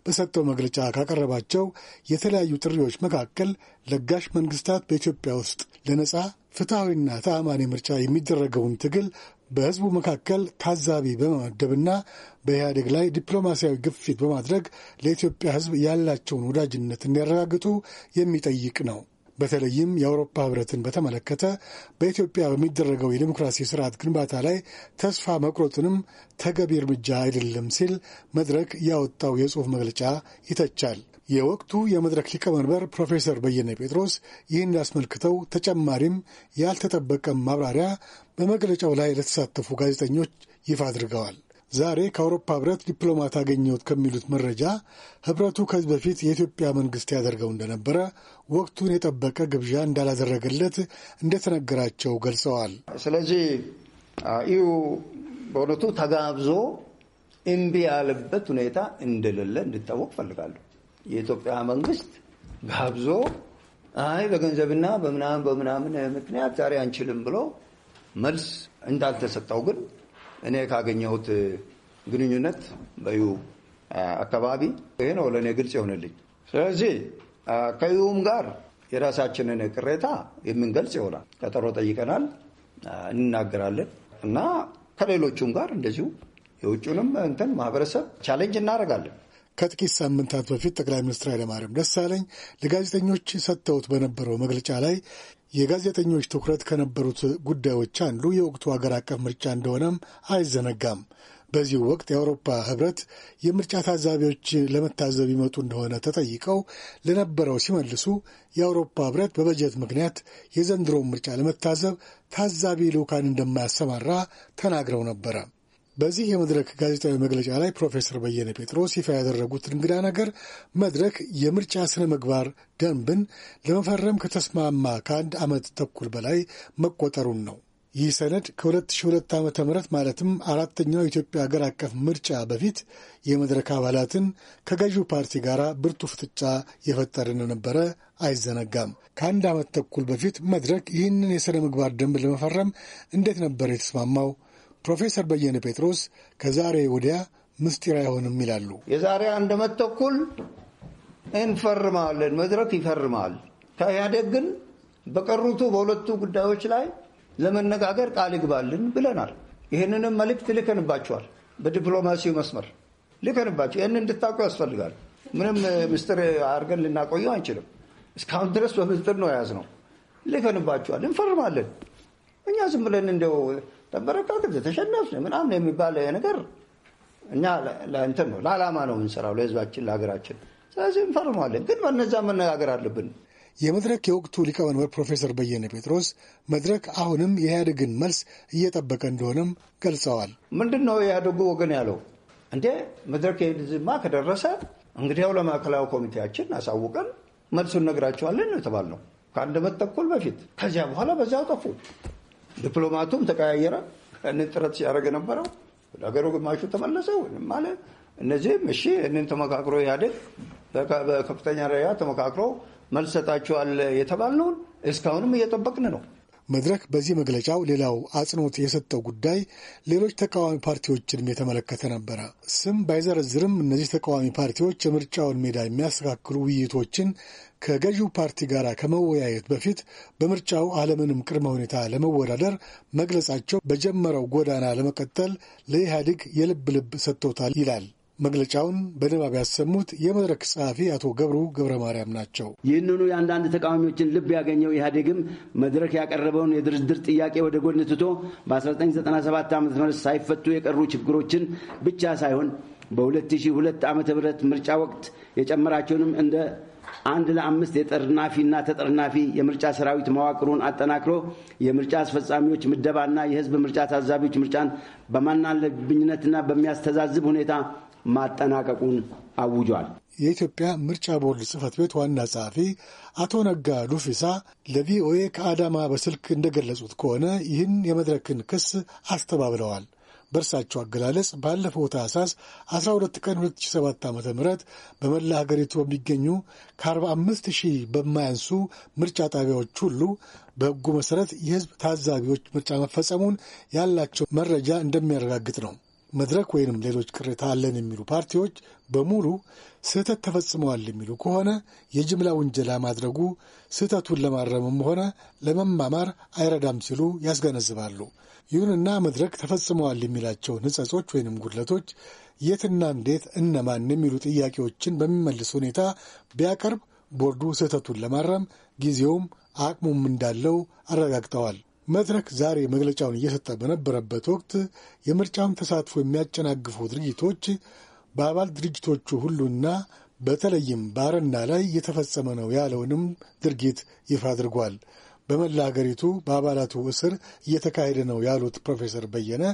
በሰጠው መግለጫ ካቀረባቸው የተለያዩ ጥሪዎች መካከል ለጋሽ መንግስታት በኢትዮጵያ ውስጥ ለነጻ ፍትሐዊና ተአማኒ ምርጫ የሚደረገውን ትግል በህዝቡ መካከል ታዛቢ በመመደብና በኢህአዴግ ላይ ዲፕሎማሲያዊ ግፊት በማድረግ ለኢትዮጵያ ህዝብ ያላቸውን ወዳጅነት እንዲያረጋግጡ የሚጠይቅ ነው። በተለይም የአውሮፓ ህብረትን በተመለከተ በኢትዮጵያ በሚደረገው የዲሞክራሲ ስርዓት ግንባታ ላይ ተስፋ መቁረጥንም ተገቢ እርምጃ አይደለም ሲል መድረክ ያወጣው የጽሑፍ መግለጫ ይተቻል። የወቅቱ የመድረክ ሊቀመንበር ፕሮፌሰር በየነ ጴጥሮስ ይህን አስመልክተው ተጨማሪም ያልተጠበቀም ማብራሪያ በመግለጫው ላይ ለተሳተፉ ጋዜጠኞች ይፋ አድርገዋል። ዛሬ ከአውሮፓ ህብረት ዲፕሎማት አገኘሁት ከሚሉት መረጃ ህብረቱ ከዚህ በፊት የኢትዮጵያ መንግስት ያደርገው እንደነበረ ወቅቱን የጠበቀ ግብዣ እንዳላደረገለት እንደተነገራቸው ገልጸዋል። ስለዚህ
ይሁ በእውነቱ ተጋብዞ እምቢ ያለበት ሁኔታ እንደሌለ እንድታወቅ ፈልጋለሁ። የኢትዮጵያ መንግስት ጋብዞ አይ በገንዘብና በምናምን በምናምን ምክንያት ዛሬ አንችልም ብሎ መልስ እንዳልተሰጠው ግን እኔ ካገኘሁት ግንኙነት በዩ አካባቢ ይህ ነው ለእኔ ግልጽ ይሆንልኝ። ስለዚህ ከዩም ጋር የራሳችንን ቅሬታ የምንገልጽ ይሆናል። ቀጠሮ ጠይቀናል፣ እንናገራለን እና ከሌሎቹም ጋር እንደዚሁ የውጭንም እንትን ማህበረሰብ ቻሌንጅ እናደርጋለን። ከጥቂት ሳምንታት
በፊት ጠቅላይ ሚኒስትር ኃይለማርያም ደሳለኝ ለጋዜጠኞች ሰጥተውት በነበረው መግለጫ ላይ የጋዜጠኞች ትኩረት ከነበሩት ጉዳዮች አንዱ የወቅቱ ሀገር አቀፍ ምርጫ እንደሆነም አይዘነጋም። በዚሁ ወቅት የአውሮፓ ህብረት የምርጫ ታዛቢዎች ለመታዘብ ይመጡ እንደሆነ ተጠይቀው ለነበረው ሲመልሱ የአውሮፓ ህብረት በበጀት ምክንያት የዘንድሮውን ምርጫ ለመታዘብ ታዛቢ ልዑካን እንደማያሰማራ ተናግረው ነበረ። በዚህ የመድረክ ጋዜጣዊ መግለጫ ላይ ፕሮፌሰር በየነ ጴጥሮስ ይፋ ያደረጉት እንግዳ ነገር መድረክ የምርጫ ስነ ምግባር ደንብን ለመፈረም ከተስማማ ከአንድ ዓመት ተኩል በላይ መቆጠሩን ነው። ይህ ሰነድ ከ2002 ዓ ም ማለትም አራተኛው የኢትዮጵያ ሀገር አቀፍ ምርጫ በፊት የመድረክ አባላትን ከገዢው ፓርቲ ጋር ብርቱ ፍጥጫ የፈጠረ እንደነበረ አይዘነጋም። ከአንድ ዓመት ተኩል በፊት መድረክ ይህንን የሥነ ምግባር ደንብ ለመፈረም እንዴት ነበር የተስማማው? ፕሮፌሰር በየነ ጴጥሮስ ከዛሬ ወዲያ ምስጢር አይሆንም ይላሉ።
የዛሬ አንድ ዓመት ተኩል እንፈርማለን፣ መድረክ ይፈርማል። ከኢህአዴግ ግን በቀሩቱ በሁለቱ ጉዳዮች ላይ ለመነጋገር ቃል ይግባልን ብለናል። ይህንንም መልእክት ልከንባቸዋል። በዲፕሎማሲው መስመር ልከንባቸው ይህን እንድታውቁ ያስፈልጋል። ምንም ምስጢር አድርገን ልናቆየው አንችልም። እስካሁን ድረስ በምስጢር ነው የያዝነው። ልከንባቸዋል፣ እንፈርማለን። እኛ ዝም ብለን እንደው ተበረታተም ተሸነፍ ምናምን የሚባል ነገር እኛ ለእንትን ነው ለዓላማ ነው የምንሰራው ለህዝባችን፣ ለሀገራችን። ስለዚህ እንፈርመዋለን ግን በነዛ መነጋገር አለብን። የመድረክ የወቅቱ ሊቀመንበር ፕሮፌሰር በየነ ጴጥሮስ መድረክ አሁንም የኢህአዴግን መልስ እየጠበቀ እንደሆነም ገልጸዋል። ምንድን ነው የኢህአዴጉ ወገን ያለው? እንዴ መድረክ ዝማ ከደረሰ እንግዲያው ለማዕከላዊ ኮሚቴያችን አሳውቀን መልሱን እነግራቸዋለን ነው ከአንድ መት ተኩል በፊት። ከዚያ በኋላ በዚያው ጠፉ። ዲፕሎማቱም ተቀያየረ። እንን ጥረት ሲያደርግ ነበረው ወደ ሀገሩ ግማሹ ተመለሰ ወይም እነዚህም እሺ እንን ተመካክሮ ኢህአዴግ በከፍተኛ ደረጃ ተመካክሮ መልስ ሰጣችኋል የተባልነውን እስካሁንም እየጠበቅን ነው።
መድረክ በዚህ መግለጫው ሌላው አጽንኦት የሰጠው ጉዳይ ሌሎች ተቃዋሚ ፓርቲዎችንም የተመለከተ ነበረ። ስም ባይዘረዝርም እነዚህ ተቃዋሚ ፓርቲዎች የምርጫውን ሜዳ የሚያስተካክሉ ውይይቶችን ከገዢው ፓርቲ ጋር ከመወያየት በፊት በምርጫው አለምንም ቅድመ ሁኔታ ለመወዳደር መግለጻቸው በጀመረው ጎዳና ለመቀጠል ለኢህአዴግ የልብ ልብ ሰጥቶታል ይላል መግለጫውን በንባብ ያሰሙት የመድረክ ጸሐፊ አቶ ገብሩ ገብረ ማርያም ናቸው።
ይህንኑ የአንዳንድ ተቃዋሚዎችን ልብ ያገኘው ኢህአዴግም መድረክ ያቀረበውን የድርድር ጥያቄ ወደ ጎን ትቶ በ1997 ዓ ሳይፈቱ የቀሩ ችግሮችን ብቻ ሳይሆን በ2002 ዓ ምርጫ ወቅት የጨመራቸውንም እንደ አንድ ለአምስት የጠርናፊና ተጠርናፊ የምርጫ ሰራዊት መዋቅሩን አጠናክሮ የምርጫ አስፈጻሚዎች ምደባና የህዝብ ምርጫ ታዛቢዎች ምርጫን በማናለብኝነትና በሚያስተዛዝብ ሁኔታ ማጠናቀቁን አውጇል።
የኢትዮጵያ ምርጫ ቦርድ ጽህፈት ቤት ዋና ጸሐፊ አቶ ነጋ ዱፊሳ ለቪኦኤ ከአዳማ በስልክ እንደገለጹት ከሆነ ይህን የመድረክን ክስ አስተባብለዋል። በእርሳቸው አገላለጽ ባለፈው ታህሳስ 12 ቀን 2007 ዓ ም በመላ ሀገሪቱ በሚገኙ ከ45 ሺህ በማያንሱ ምርጫ ጣቢያዎች ሁሉ በሕጉ መሠረት የሕዝብ ታዛቢዎች ምርጫ መፈጸሙን ያላቸው መረጃ እንደሚያረጋግጥ ነው። መድረክ ወይንም ሌሎች ቅሬታ አለን የሚሉ ፓርቲዎች በሙሉ ስህተት ተፈጽመዋል የሚሉ ከሆነ የጅምላ ውንጀላ ማድረጉ ስህተቱን ለማረምም ሆነ ለመማማር አይረዳም ሲሉ ያስገነዝባሉ። ይሁንና መድረክ ተፈጽመዋል የሚላቸውን ንጸጾች ወይንም ጉድለቶች የትና እንዴት እነማን የሚሉ ጥያቄዎችን በሚመልስ ሁኔታ ቢያቀርብ ቦርዱ ስህተቱን ለማረም ጊዜውም አቅሙም እንዳለው አረጋግጠዋል። መድረክ ዛሬ መግለጫውን እየሰጠ በነበረበት ወቅት የምርጫውን ተሳትፎ የሚያጨናግፉ ድርጊቶች በአባል ድርጅቶቹ ሁሉና በተለይም ባረና ላይ እየተፈጸመ ነው ያለውንም ድርጊት ይፋ አድርጓል። በመላ ሀገሪቱ በአባላቱ እስር እየተካሄደ ነው ያሉት ፕሮፌሰር በየነ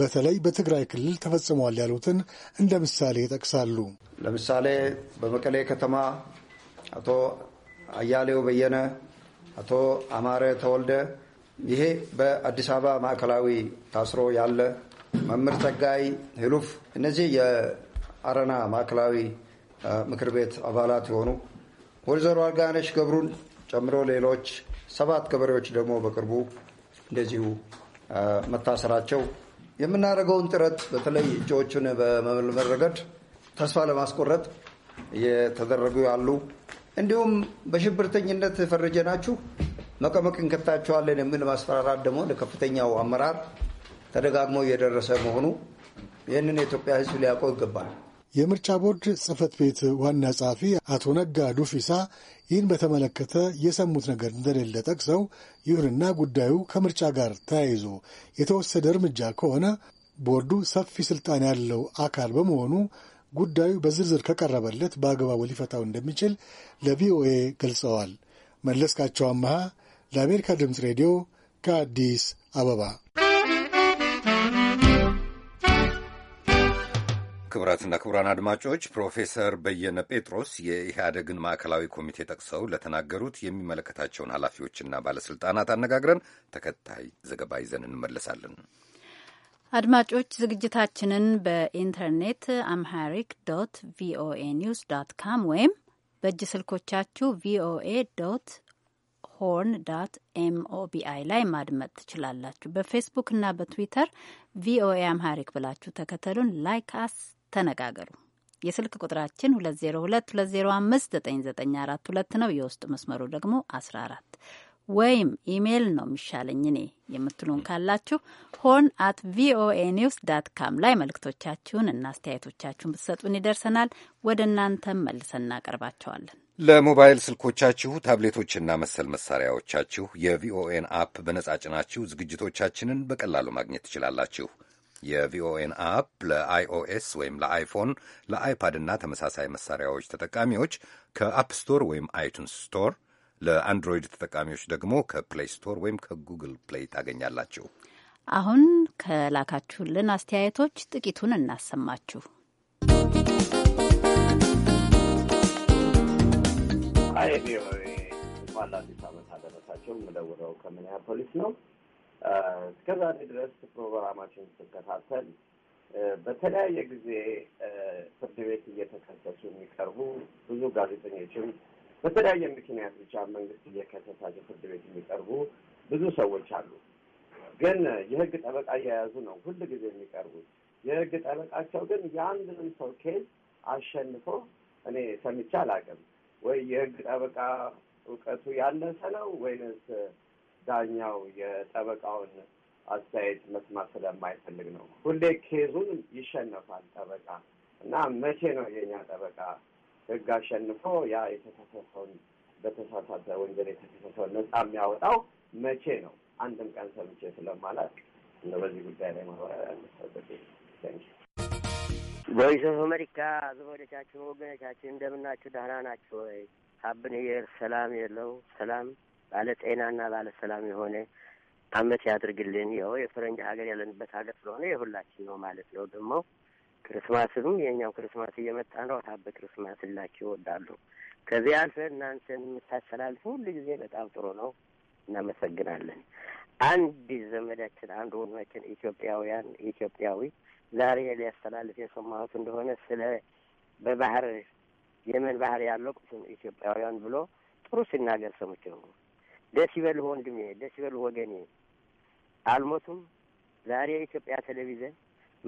በተለይ በትግራይ ክልል ተፈጽሟል ያሉትን እንደ ምሳሌ ይጠቅሳሉ።
ለምሳሌ በመቀሌ ከተማ አቶ አያሌው በየነ፣ አቶ አማረ ተወልደ ይሄ በአዲስ አበባ ማዕከላዊ ታስሮ ያለ መምህር ጸጋይ ህሉፍ፣ እነዚህ የአረና ማዕከላዊ ምክር ቤት አባላት የሆኑ ወይዘሮ አርጋነሽ ገብሩን ጨምሮ ሌሎች ሰባት ገበሬዎች ደግሞ በቅርቡ እንደዚሁ መታሰራቸው የምናደርገውን ጥረት በተለይ እጩዎቹን በመመልመል ረገድ ተስፋ ለማስቆረጥ እየተደረጉ ያሉ እንዲሁም በሽብርተኝነት ናችሁ። መቀመቅ እንከታቸዋለን የሚል ማስፈራራት ደግሞ ለከፍተኛው አመራር ተደጋግሞ እየደረሰ መሆኑ ይህንን የኢትዮጵያ ሕዝብ ሊያውቀው ይገባል።
የምርጫ ቦርድ ጽህፈት ቤት ዋና ጸሐፊ አቶ ነጋ ዱፊሳ ይህን በተመለከተ የሰሙት ነገር እንደሌለ ጠቅሰው፣ ይሁንና ጉዳዩ ከምርጫ ጋር ተያይዞ የተወሰደ እርምጃ ከሆነ ቦርዱ ሰፊ ስልጣን ያለው አካል በመሆኑ ጉዳዩ በዝርዝር ከቀረበለት በአግባቡ ሊፈታው እንደሚችል ለቪኦኤ ገልጸዋል። መለስካቸው አመሃ ለአሜሪካ ድምፅ ሬዲዮ ከአዲስ አበባ።
ክቡራትና ክቡራን አድማጮች ፕሮፌሰር በየነ ጴጥሮስ የኢህአደግን ማዕከላዊ ኮሚቴ ጠቅሰው ለተናገሩት የሚመለከታቸውን ኃላፊዎችና ባለስልጣናት አነጋግረን ተከታይ ዘገባ ይዘን እንመለሳለን።
አድማጮች ዝግጅታችንን በኢንተርኔት አምሃሪክ ዶት ቪኦኤ ኒውስ ዶት ካም ወይም በእጅ ስልኮቻችሁ ቪኦኤ ዶት ሆርን ዳት ኤምኦቢአይ ላይ ማድመጥ ትችላላችሁ። በፌስቡክ እና በትዊተር ቪኦኤ አምሃሪክ ብላችሁ ተከተሉን። ላይክ አስ ተነጋገሩ። የስልክ ቁጥራችን 2022059942 ነው። የውስጥ መስመሩ ደግሞ 14 ወይም ኢሜይል ነው የሚሻለኝ እኔ የምትሉን ካላችሁ ሆን አት ቪኦኤ ኒውስ ዳት ካም ላይ መልእክቶቻችሁን እና አስተያየቶቻችሁን ብትሰጡን ይደርሰናል። ወደ እናንተም መልሰን እናቀርባቸዋለን።
ለሞባይል ስልኮቻችሁ ታብሌቶችና መሰል መሳሪያዎቻችሁ የቪኦኤን አፕ በነጻ ጭናችሁ ዝግጅቶቻችንን በቀላሉ ማግኘት ትችላላችሁ። የቪኦኤን አፕ ለአይኦኤስ ወይም ለአይፎን፣ ለአይፓድ እና ተመሳሳይ መሳሪያዎች ተጠቃሚዎች ከአፕ ስቶር ወይም አይቱንስ ስቶር፣ ለአንድሮይድ ተጠቃሚዎች ደግሞ ከፕሌይ ስቶር ወይም ከጉግል ፕሌይ ታገኛላችሁ።
አሁን ከላካችሁልን አስተያየቶች ጥቂቱን እናሰማችሁ።
አይ ቪኦኤ እንኳን ለአዲስ ዓመት አደረሳቸው። የምደውለው ከሚኒያፖሊስ ነው። እስከ ዛሬ ድረስ ፕሮግራማችን ስከታተል በተለያየ ጊዜ ፍርድ ቤት እየተከሰሱ የሚቀርቡ ብዙ ጋዜጠኞችም በተለያየ ምክንያት ብቻ መንግስት እየከሰሳቸው ፍርድ ቤት የሚቀርቡ ብዙ ሰዎች አሉ። ግን የህግ ጠበቃ እየያዙ ነው ሁል ጊዜ የሚቀርቡት።
የህግ ጠበቃቸው ግን የአንድንም ሰው ኬዝ አሸንፎ እኔ ሰምቼ
አላውቅም። ወይ የህግ ጠበቃ እውቀቱ ያነሰ ነው ወይንስ ዳኛው የጠበቃውን አስተያየት መስማት ስለማይፈልግ ነው? ሁሌ ኬዙን ይሸነፋል ጠበቃ እና መቼ ነው የኛ ጠበቃ ህግ አሸንፎ ያ የተሳሳተውን በተሳሳተ ወንጀል የተሳሳተውን ነጻ የሚያወጣው መቼ ነው? አንድም ቀን ሰምቼ እንደ በዚህ ጉዳይ ላይ ማብራሪያ ያለበት
ቮይስ ኦፍ አሜሪካ አዘቦደቻችን ወገኖቻችን እንደምናችሁ ደህና ናችሁ ወይ? ሀብንየር ሰላም የለው ሰላም ባለ ጤናና ባለ ሰላም የሆነ አመት ያድርግልን። ያው የፈረንጅ ሀገር ያለንበት ሀገር ስለሆነ የሁላችን ነው ማለት ነው። ደግሞ ክርስማስም የእኛም ክርስማስ እየመጣ ነው። ታበ ክርስማስ ላችሁ ይወዳሉ። ከዚህ አልፈ እናንተን የምታስተላልፉ ሁሉ ጊዜ በጣም ጥሩ ነው። እናመሰግናለን። አንድ ዘመዳችን አንድ ወንድማችን ኢትዮጵያውያን ኢትዮጵያዊ ዛሬ ሊያስተላልፍ የሰማሁት እንደሆነ ስለ በባህር የመን ባህር ያለው ኢትዮጵያውያን ብሎ ጥሩ ሲናገር ሰምቼው ደስ ይበልህ ወንድሜ፣ ደስ ይበልህ ወገኔ፣ አልሞቱም። ዛሬ የኢትዮጵያ ቴሌቪዥን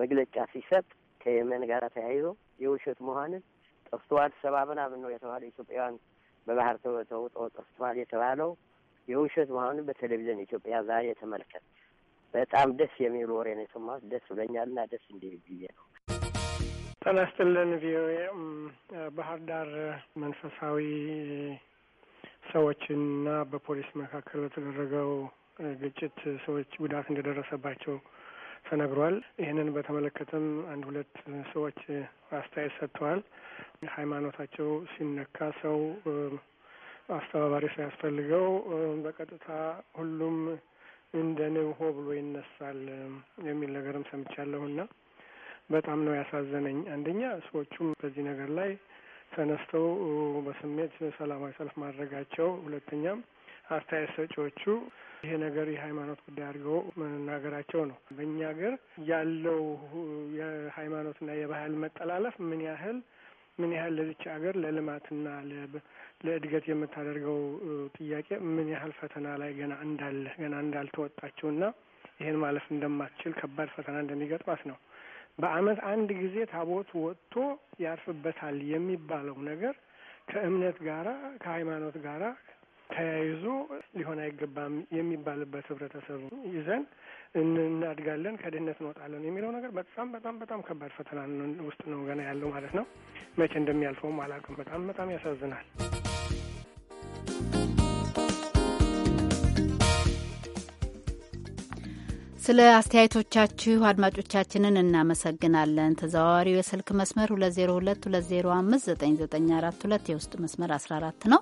መግለጫ ሲሰጥ ከየመን ጋር ተያይዞ የውሸት መሆንን ጠፍተዋል፣ ሰባ ምናምን ነው የተባለ ኢትዮጵያውያን በባህር ተውጠው ጠፍተዋል የተባለው የውሸት መሆንን በቴሌቪዥን ኢትዮጵያ ዛሬ ተመልከት። በጣም ደስ የሚል ወሬ ነው የሰማሁት። ደስ ብለኛልና ደስ እንዲል ብዬ ነው።
ጤና ይስጥልን። ቪኦኤ ባህር ዳር መንፈሳዊ ሰዎችና በፖሊስ መካከል በተደረገው ግጭት ሰዎች ጉዳት እንደደረሰባቸው ተነግሯል። ይህንን በተመለከተም አንድ ሁለት ሰዎች አስተያየት ሰጥተዋል። ሃይማኖታቸው ሲነካ ሰው አስተባባሪ ሳያስፈልገው በቀጥታ ሁሉም እንደ ንብ ሆ ብሎ ይነሳል የሚል ነገርም ሰምቻለሁና በጣም ነው ያሳዘነኝ። አንደኛ ሰዎቹም በዚህ ነገር ላይ ተነስተው በስሜት ሰላማዊ ሰልፍ ማድረጋቸው፣ ሁለተኛም አስተያየት ሰጪዎቹ ይሄ ነገር የሃይማኖት ጉዳይ አድርገው መናገራቸው ነው። በእኛ ሀገር ያለው የሃይማኖትና የባህል መጠላለፍ ምን ያህል ምን ያህል ለዚች ሀገር ለልማትና ለእድገት የምታደርገው ጥያቄ ምን ያህል ፈተና ላይ ገና እንዳለ ገና እንዳልተወጣችውና ይህን ማለፍ እንደማትችል ከባድ ፈተና እንደሚገጥማት ነው። በዓመት አንድ ጊዜ ታቦት ወጥቶ ያርፍበታል የሚባለው ነገር ከእምነት ጋራ ከሃይማኖት ጋራ ተያይዞ ሊሆን አይገባም የሚባልበት ህብረተሰብ ይዘን እናድጋለን፣ ከድህነት እንወጣለን የሚለው ነገር በጣም በጣም በጣም ከባድ ፈተና ውስጥ ነው ገና ያለው ማለት ነው። መቼ እንደሚያልፈውም አላውቅም። በጣም በጣም ያሳዝናል።
ስለ አስተያየቶቻችሁ አድማጮቻችንን እናመሰግናለን። ተዘዋዋሪው የስልክ መስመር 202 205 የውስጥ መስመር 14 ነው።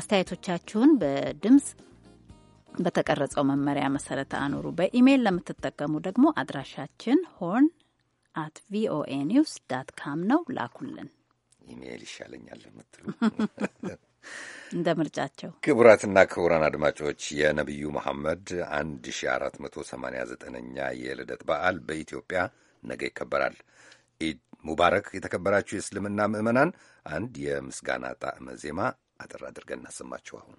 አስተያየቶቻችሁን በድምጽ በተቀረጸው መመሪያ መሰረት አኑሩ። በኢሜይል ለምትጠቀሙ ደግሞ አድራሻችን ሆን አት ቪኦኤ ኒውስ ዳት ካም ነው፣ ላኩልን። ኢሜይል ይሻለኛል ለምትሉ እንደ ምርጫቸው።
ክቡራትና ክቡራን አድማጮች የነቢዩ መሐመድ 1489ኛ የልደት በዓል በኢትዮጵያ ነገ ይከበራል። ኢድ ሙባረክ። የተከበራችሁ የእስልምና ምዕመናን፣ አንድ የምስጋና ጣዕመ ዜማ አጠር አድርገን እናሰማችሁ አሁን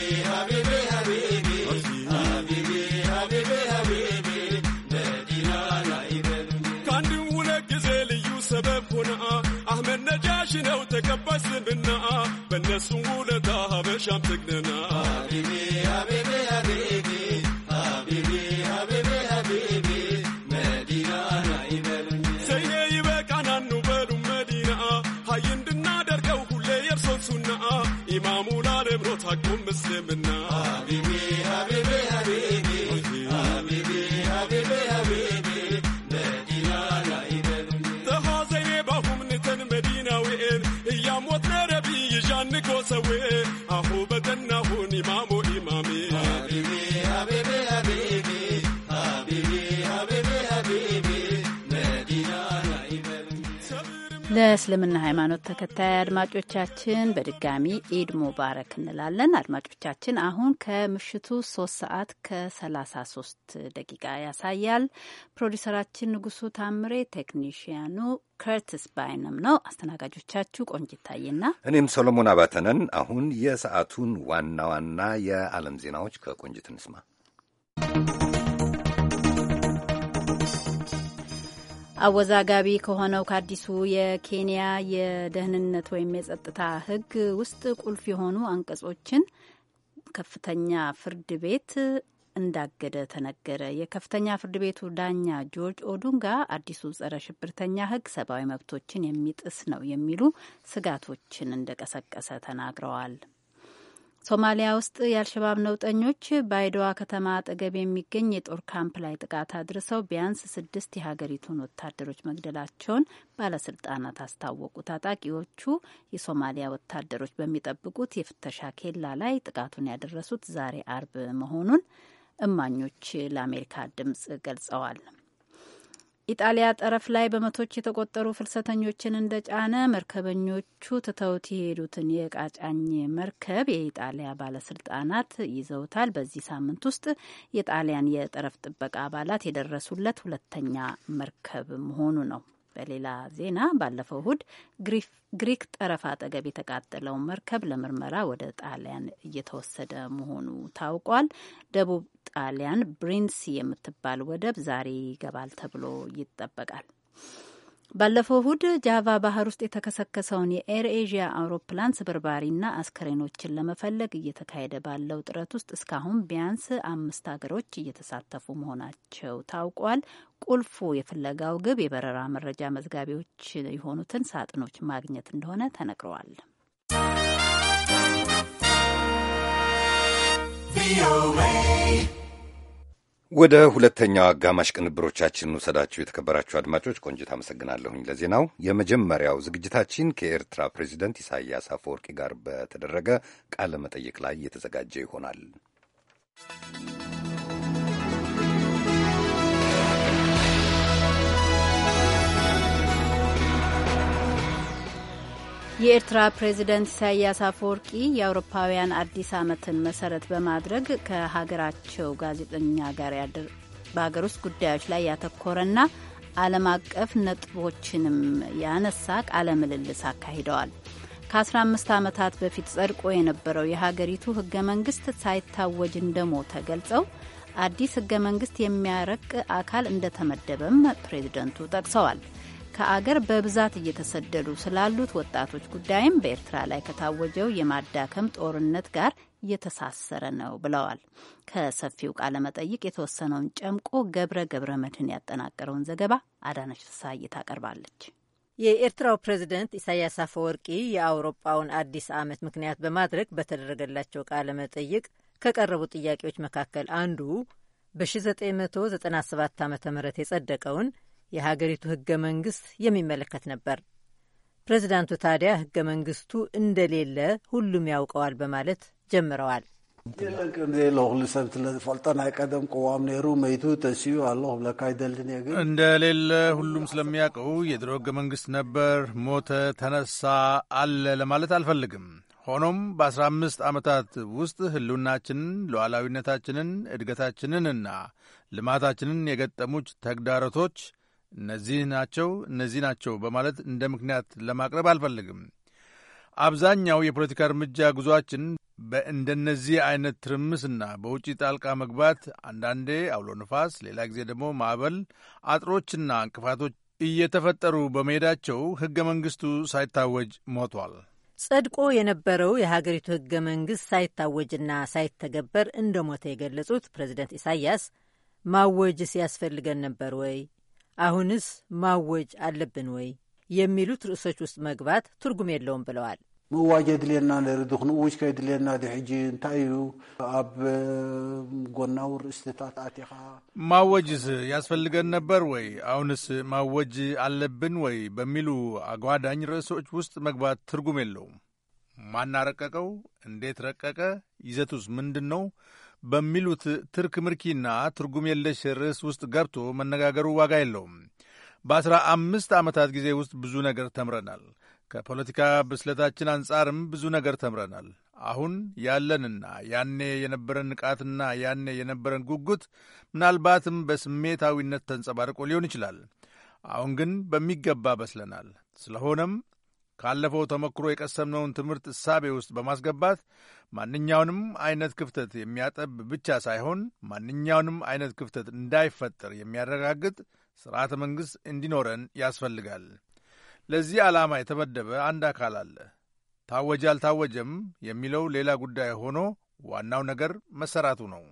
She know take a bus in the away.
ለእስልምና ሃይማኖት ተከታይ አድማጮቻችን በድጋሚ ኢድ ሙባረክ እንላለን። አድማጮቻችን አሁን ከምሽቱ ሶስት ሰዓት ከሰላሳ ሶስት ደቂቃ ያሳያል። ፕሮዲሰራችን ንጉሱ ታምሬ፣ ቴክኒሽያኑ ከርትስ ባይነም ነው። አስተናጋጆቻችሁ ቆንጅ
ታዬና እኔም ሰሎሞን አባተነን። አሁን የሰዓቱን ዋና ዋና የዓለም ዜናዎች ከቆንጅት እንስማ።
አወዛጋቢ ከሆነው ከአዲሱ የኬንያ የደህንነት ወይም የጸጥታ ሕግ ውስጥ ቁልፍ የሆኑ አንቀጾችን ከፍተኛ ፍርድ ቤት እንዳገደ ተነገረ። የከፍተኛ ፍርድ ቤቱ ዳኛ ጆርጅ ኦዱንጋ አዲሱ ጸረ ሽብርተኛ ህግ ሰብአዊ መብቶችን የሚጥስ ነው የሚሉ ስጋቶችን እንደቀሰቀሰ ተናግረዋል። ሶማሊያ ውስጥ የአልሸባብ ነውጠኞች በአይዶዋ ከተማ አጠገብ የሚገኝ የጦር ካምፕ ላይ ጥቃት አድርሰው ቢያንስ ስድስት የሀገሪቱን ወታደሮች መግደላቸውን ባለስልጣናት አስታወቁ። ታጣቂዎቹ የሶማሊያ ወታደሮች በሚጠብቁት የፍተሻ ኬላ ላይ ጥቃቱን ያደረሱት ዛሬ አርብ መሆኑን እማኞች ለአሜሪካ ድምጽ ገልጸዋል። ኢጣሊያ ጠረፍ ላይ በመቶች የተቆጠሩ ፍልሰተኞችን እንደጫነ መርከበኞቹ ትተውት የሄዱትን የቃጫኝ መርከብ የኢጣሊያ ባለስልጣናት ይዘውታል። በዚህ ሳምንት ውስጥ የጣሊያን የጠረፍ ጥበቃ አባላት የደረሱለት ሁለተኛ መርከብ መሆኑ ነው። በሌላ ዜና ባለፈው እሁድ ግሪክ ጠረፍ አጠገብ የተቃጠለውን መርከብ ለምርመራ ወደ ጣሊያን እየተወሰደ መሆኑ ታውቋል። ደቡብ ጣሊያን ብሪንሲ የምትባል ወደብ ዛሬ ይገባል ተብሎ ይጠበቃል። ባለፈው እሁድ ጃቫ ባህር ውስጥ የተከሰከሰውን የኤር ኤዥያ አውሮፕላን ስብርባሪና አስከሬኖችን ለመፈለግ እየተካሄደ ባለው ጥረት ውስጥ እስካሁን ቢያንስ አምስት ሀገሮች እየተሳተፉ መሆናቸው ታውቋል። ቁልፉ የፍለጋው ግብ የበረራ መረጃ መዝጋቢዎች የሆኑትን ሳጥኖች ማግኘት እንደሆነ ተነግረዋል።
ወደ ሁለተኛው አጋማሽ ቅንብሮቻችን ውሰዳችሁ። የተከበራችሁ አድማጮች ቆንጅት አመሰግናለሁኝ ለዜናው። የመጀመሪያው ዝግጅታችን ከኤርትራ ፕሬዚደንት ኢሳያስ አፈወርቂ ጋር በተደረገ ቃለ መጠይቅ ላይ የተዘጋጀ ይሆናል።
የኤርትራ ፕሬዚደንት ኢሳያስ አፈወርቂ የአውሮፓውያን አዲስ ዓመትን መሰረት በማድረግ ከሀገራቸው ጋዜጠኛ ጋር በሀገር ውስጥ ጉዳዮች ላይ ያተኮረና ዓለም አቀፍ ነጥቦችንም ያነሳ ቃለ ምልልስ አካሂደዋል። ከ15 ዓመታት በፊት ጸድቆ የነበረው የሀገሪቱ ህገ መንግስት ሳይታወጅ እንደሞተ ገልጸው አዲስ ህገ መንግስት የሚያረቅ አካል እንደተመደበም ፕሬዝደንቱ ጠቅሰዋል። ከአገር በብዛት እየተሰደዱ ስላሉት ወጣቶች ጉዳይም በኤርትራ ላይ ከታወጀው የማዳከም ጦርነት ጋር እየተሳሰረ ነው ብለዋል። ከሰፊው ቃለ መጠይቅ የተወሰነውን ጨምቆ ገብረ ገብረ መድህን ያጠናቀረውን ዘገባ
አዳነች ፍስሀዬ ታቀርባለች። የኤርትራው ፕሬዚደንት ኢሳያስ አፈወርቂ የአውሮፓውን አዲስ ዓመት ምክንያት በማድረግ በተደረገላቸው ቃለ መጠይቅ ከቀረቡ ጥያቄዎች መካከል አንዱ በ1997 ዓ ም የጸደቀውን የሀገሪቱ ህገ መንግስት የሚመለከት ነበር። ፕሬዚዳንቱ ታዲያ ህገ መንግስቱ እንደሌለ ሁሉም ያውቀዋል በማለት ጀምረዋል።
እንደሌለ ሁሉም ስለሚያውቀው የድሮ ህገ መንግስት ነበር፣ ሞተ፣ ተነሳ፣ አለ ለማለት አልፈልግም። ሆኖም በ አምስት ዓመታት ውስጥ ህልውናችንን፣ ሉዓላዊነታችንን፣ እድገታችንን እና ልማታችንን የገጠሙች ተግዳሮቶች እነዚህ ናቸው እነዚህ ናቸው በማለት እንደ ምክንያት ለማቅረብ አልፈልግም። አብዛኛው የፖለቲካ እርምጃ ጉዞአችን በእንደነዚህ አይነት ትርምስና በውጪ ጣልቃ መግባት አንዳንዴ አውሎ ንፋስ፣ ሌላ ጊዜ ደግሞ ማዕበል አጥሮችና እንቅፋቶች እየተፈጠሩ በመሄዳቸው ሕገ መንግሥቱ ሳይታወጅ ሞቷል።
ጸድቆ የነበረው የሀገሪቱ ሕገ መንግሥት ሳይታወጅና ሳይተገበር እንደ ሞተ የገለጹት ፕሬዚደንት ኢሳያስ ማወጅ ሲያስፈልገን ነበር ወይ አሁንስ ማወጅ አለብን ወይ የሚሉት ርዕሶች ውስጥ መግባት ትርጉም የለውም
ብለዋል።
ምዋጅ የድልየና ነርዱ ክንእውጅ ከየድልየና ሕጂ እንታይ እዩ ኣብ ጎናው ርእስትታት ኣቲኻ
ማወጅስ ያስፈልገን ነበር ወይ አሁንስ ማወጅ አለብን ወይ በሚሉ አጓዳኝ ርዕሶች ውስጥ መግባት ትርጉም የለውም። ማና ረቀቀው? እንዴት ረቀቀ? ይዘቱስ ምንድን ነው? በሚሉት ትርክ ምርኪና ትርጉም የለሽ ርዕስ ውስጥ ገብቶ መነጋገሩ ዋጋ የለውም። በአስራ አምስት ዓመታት ጊዜ ውስጥ ብዙ ነገር ተምረናል። ከፖለቲካ ብስለታችን አንጻርም ብዙ ነገር ተምረናል። አሁን ያለንና ያኔ የነበረን ንቃትና ያኔ የነበረን ጉጉት ምናልባትም በስሜታዊነት ተንጸባርቆ ሊሆን ይችላል። አሁን ግን በሚገባ በስለናል። ስለሆነም ካለፈው ተመክሮ የቀሰምነውን ትምህርት እሳቤ ውስጥ በማስገባት ማንኛውንም አይነት ክፍተት የሚያጠብ ብቻ ሳይሆን ማንኛውንም አይነት ክፍተት እንዳይፈጠር የሚያረጋግጥ ስርዓተ መንግሥት እንዲኖረን ያስፈልጋል። ለዚህ ዓላማ የተመደበ አንድ አካል አለ። ታወጀ አልታወጀም የሚለው ሌላ ጉዳይ ሆኖ ዋናው ነገር መሰራቱ ነው።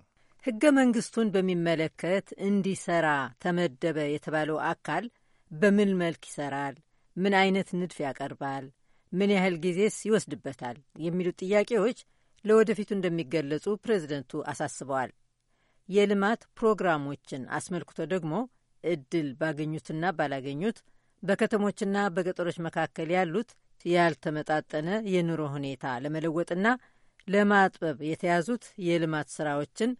ሕገ መንግሥቱን በሚመለከት እንዲሰራ ተመደበ የተባለው አካል በምን መልክ ይሰራል? ምን አይነት ንድፍ ያቀርባል? ምን ያህል ጊዜስ ይወስድበታል? የሚሉት ጥያቄዎች ለወደፊቱ እንደሚገለጹ ፕሬዝደንቱ አሳስበዋል። የልማት ፕሮግራሞችን አስመልክቶ ደግሞ እድል ባገኙትና ባላገኙት በከተሞችና በገጠሮች መካከል ያሉት ያልተመጣጠነ የኑሮ ሁኔታ ለመለወጥና ለማጥበብ የተያዙት የልማት ስራዎችን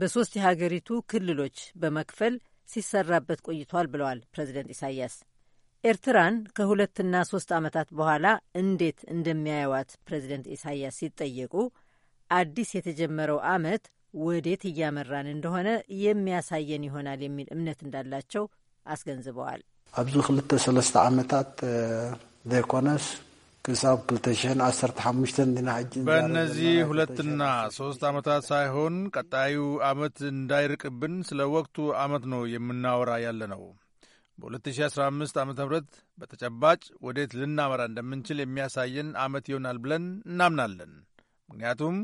በሦስት የሀገሪቱ ክልሎች በመክፈል ሲሰራበት ቆይቷል ብለዋል ፕሬዝደንት ኢሳያስ። ኤርትራን ከሁለትና ሶስት ዓመታት በኋላ እንዴት እንደሚያየዋት ፕሬዝደንት ኢሳያስ ሲጠየቁ አዲስ የተጀመረው ዓመት ወዴት እያመራን እንደሆነ የሚያሳየን ይሆናል የሚል እምነት እንዳላቸው
አስገንዝበዋል።
ኣብዚ ክልተ ሰለስተ ዓመታት ዘይኮነስ ክሳብ 215 ዲና በእነዚህ
ሁለትና ሶስት ዓመታት ሳይሆን ቀጣዩ ዓመት እንዳይርቅብን ስለ ወቅቱ ዓመት ነው የምናወራ ያለ ነው። በ2015 ዓ ም በተጨባጭ ወዴት ልናመራ እንደምንችል የሚያሳየን ዓመት ይሆናል ብለን እናምናለን። ምክንያቱም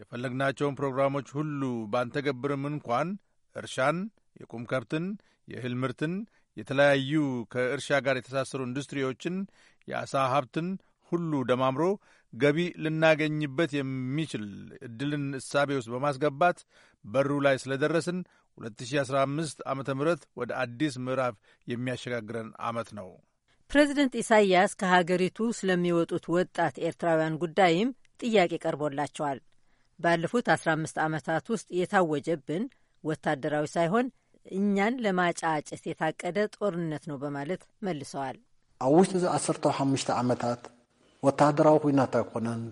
የፈለግናቸውን ፕሮግራሞች ሁሉ ባንተገብርም እንኳን እርሻን፣ የቁም ከብትን፣ የእህል ምርትን፣ የተለያዩ ከእርሻ ጋር የተሳሰሩ ኢንዱስትሪዎችን፣ የአሳ ሀብትን ሁሉ ደማምሮ ገቢ ልናገኝበት የሚችል ዕድልን እሳቤ ውስጥ በማስገባት በሩ ላይ ስለደረስን 2015 ዓ ም ወደ አዲስ ምዕራፍ የሚያሸጋግረን ዓመት ነው።
ፕሬዚደንት ኢሳይያስ ከሀገሪቱ ስለሚወጡት ወጣት ኤርትራውያን ጉዳይም ጥያቄ ቀርቦላቸዋል። ባለፉት 15 ዓመታት ውስጥ የታወጀብን ወታደራዊ ሳይሆን እኛን ለማጫጨት የታቀደ ጦርነት ነው በማለት መልሰዋል።
ኣብ ውሽጢ እዚ 15 ዓመታት ወታደራዊ ኩናት ኣይኮነን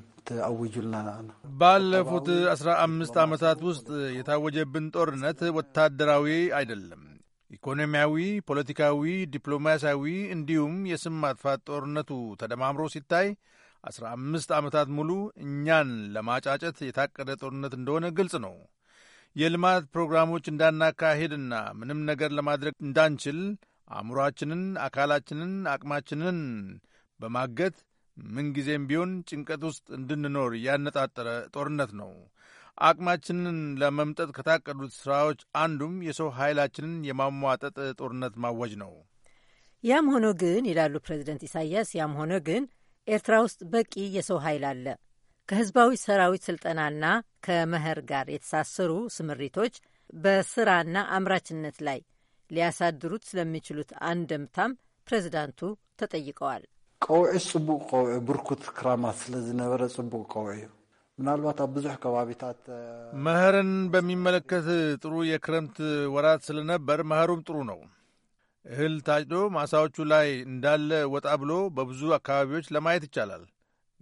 ባለፉት 15 ዓመታት ውስጥ የታወጀብን ጦርነት ወታደራዊ አይደለም። ኢኮኖሚያዊ፣ ፖለቲካዊ፣ ዲፕሎማሲያዊ እንዲሁም የስም ማጥፋት ጦርነቱ ተደማምሮ ሲታይ አስራ አምስት ዓመታት ሙሉ እኛን ለማጫጨት የታቀደ ጦርነት እንደሆነ ግልጽ ነው። የልማት ፕሮግራሞች እንዳናካሄድና ምንም ነገር ለማድረግ እንዳንችል አእምሯችንን፣ አካላችንን፣ አቅማችንን በማገት ምንጊዜም ቢሆን ጭንቀት ውስጥ እንድንኖር ያነጣጠረ ጦርነት ነው። አቅማችንን ለመምጠጥ ከታቀዱት ሥራዎች አንዱም የሰው ኃይላችንን የማሟጠጥ ጦርነት ማወጅ ነው።
ያም ሆኖ ግን ይላሉ ፕሬዚደንት ኢሳያስ፣ ያም ሆኖ ግን ኤርትራ ውስጥ በቂ የሰው ኃይል አለ። ከህዝባዊ ሰራዊት ስልጠናና ከመኸር ጋር የተሳሰሩ ስምሪቶች በስራና አምራችነት ላይ ሊያሳድሩት ስለሚችሉት አንድምታም ፕሬዚዳንቱ ተጠይቀዋል።
ቀውዒ ጽቡቅ ቀውዒ ብርኩት ክራማት ስለዝነበረ ጽቡቅ ቀውዒ እዩ ምናልባት ኣብ ብዙሕ ከባቢታት
መኸርን በሚመለከት ጥሩ የክረምት ወራት ስለነበር መኸሩም ጥሩ ነው። እህል ታጭዶ ማሳዎቹ ላይ እንዳለ ወጣ ብሎ በብዙ አካባቢዎች ለማየት ይቻላል።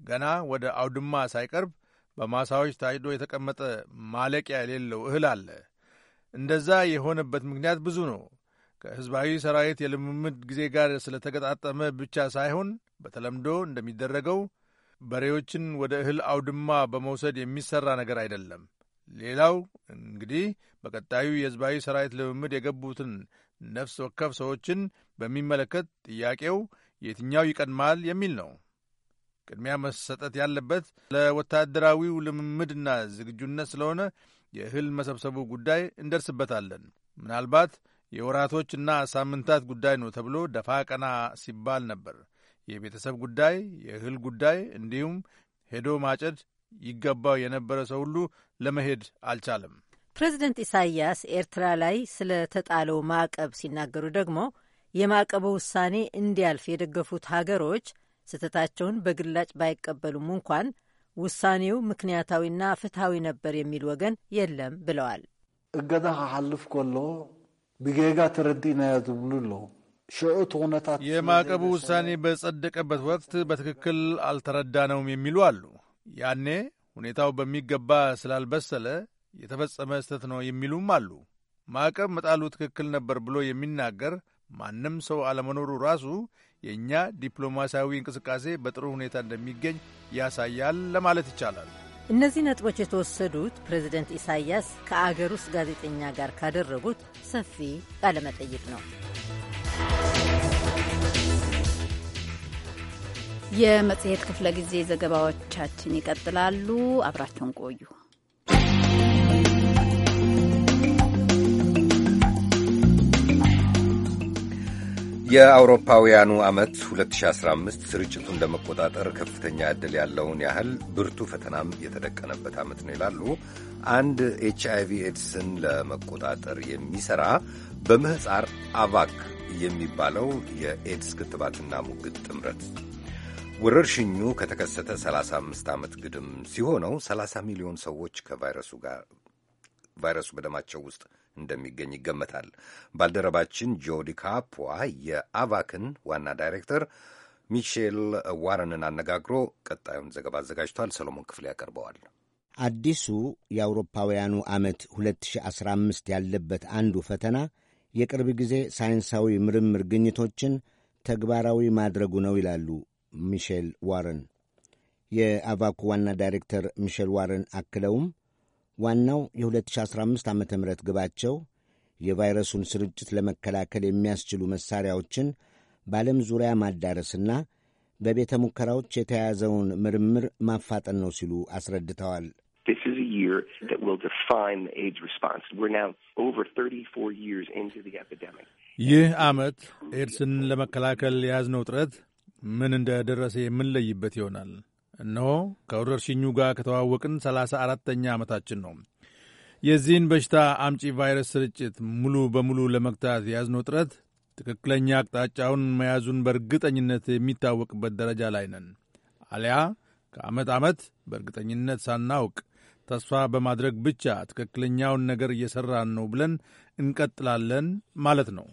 ገና ወደ አውድማ ሳይቀርብ በማሳዎች ታጭዶ የተቀመጠ ማለቂያ የሌለው እህል አለ። እንደዛ የሆነበት ምክንያት ብዙ ነው። ከሕዝባዊ ሰራዊት የልምምድ ጊዜ ጋር ስለተገጣጠመ ብቻ ሳይሆን በተለምዶ እንደሚደረገው በሬዎችን ወደ እህል አውድማ በመውሰድ የሚሠራ ነገር አይደለም። ሌላው እንግዲህ በቀጣዩ የሕዝባዊ ሰራዊት ልምምድ የገቡትን ነፍስ ወከፍ ሰዎችን በሚመለከት ጥያቄው የትኛው ይቀድማል የሚል ነው። ቅድሚያ መሰጠት ያለበት ለወታደራዊው ልምምድና ዝግጁነት ስለሆነ የእህል መሰብሰቡ ጉዳይ እንደርስበታለን። ምናልባት የወራቶችና ሳምንታት ጉዳይ ነው ተብሎ ደፋ ቀና ሲባል ነበር። የቤተሰብ ጉዳይ፣ የእህል ጉዳይ እንዲሁም ሄዶ ማጨድ ይገባው የነበረ ሰው ሁሉ ለመሄድ አልቻለም።
ፕሬዚደንት ኢሳያስ ኤርትራ ላይ ስለተጣለው ማዕቀብ ሲናገሩ ደግሞ የማዕቀቡ ውሳኔ እንዲያልፍ የደገፉት ሀገሮች ስህተታቸውን በግላጭ ባይቀበሉም እንኳን ውሳኔው ምክንያታዊና ፍትሐዊ ነበር የሚል ወገን የለም ብለዋል።
እገዳ ክሓልፍ ከሎ ብጌጋ ተረዲእናያ ዝብሉ ኣሎ የማዕቀቡ ውሳኔ
በጸደቀበት ወቅት በትክክል አልተረዳነውም የሚሉ አሉ። ያኔ ሁኔታው በሚገባ ስላልበሰለ የተፈጸመ ስህተት ነው የሚሉም አሉ። ማዕቀብ መጣሉ ትክክል ነበር ብሎ የሚናገር ማንም ሰው አለመኖሩ ራሱ የእኛ ዲፕሎማሲያዊ እንቅስቃሴ በጥሩ ሁኔታ እንደሚገኝ ያሳያል ለማለት ይቻላል።
እነዚህ ነጥቦች የተወሰዱት ፕሬዚደንት ኢሳያስ ከአገር ውስጥ ጋዜጠኛ ጋር ካደረጉት ሰፊ ቃለመጠይቅ ነው። የመጽሔት ክፍለ ጊዜ
ዘገባዎቻችን ይቀጥላሉ። አብራቸውን ቆዩ።
የአውሮፓውያኑ ዓመት 2015 ስርጭቱን ለመቆጣጠር ከፍተኛ ዕድል ያለውን ያህል ብርቱ ፈተናም የተደቀነበት ዓመት ነው ይላሉ አንድ ኤች ቪ ኤድስን ለመቆጣጠር የሚሠራ በምህፃር አቫክ የሚባለው የኤድስ ክትባትና ሙግት ጥምረት። ወረርሽኙ ከተከሰተ 35 ዓመት ግድም ሲሆነው 30 ሚሊዮን ሰዎች ከቫይረሱ ጋር ቫይረሱ በደማቸው ውስጥ እንደሚገኝ ይገመታል። ባልደረባችን ጆዲ ካፖዋ የአቫክን ዋና ዳይሬክተር ሚሼል ዋረንን አነጋግሮ ቀጣዩን ዘገባ አዘጋጅቷል። ሰሎሞን ክፍሌ ያቀርበዋል።
አዲሱ የአውሮፓውያኑ ዓመት 2015 ያለበት አንዱ ፈተና የቅርብ ጊዜ ሳይንሳዊ ምርምር ግኝቶችን ተግባራዊ ማድረጉ ነው ይላሉ ሚሼል ዋረን። የአቫኩ ዋና ዳይሬክተር ሚሼል ዋረን አክለውም ዋናው የ2015 ዓ ም ግባቸው የቫይረሱን ስርጭት ለመከላከል የሚያስችሉ መሣሪያዎችን በዓለም ዙሪያ ማዳረስና በቤተ ሙከራዎች የተያያዘውን ምርምር ማፋጠን ነው ሲሉ አስረድተዋል።
ይህ ዓመት ኤድስን ለመከላከል የያዝነው ጥረት ምን እንደደረሰ የምንለይበት ይሆናል። እነሆ ከወረርሽኙ ጋር ከተዋወቅን 34 ተኛ ዓመታችን ነው። የዚህን በሽታ አምጪ ቫይረስ ስርጭት ሙሉ በሙሉ ለመግታት የያዝነው ጥረት ትክክለኛ አቅጣጫውን መያዙን በእርግጠኝነት የሚታወቅበት ደረጃ ላይ ነን። አሊያ ከዓመት ዓመት በእርግጠኝነት ሳናውቅ ተስፋ በማድረግ ብቻ ትክክለኛውን ነገር እየሠራን ነው ብለን እንቀጥላለን ማለት ነው።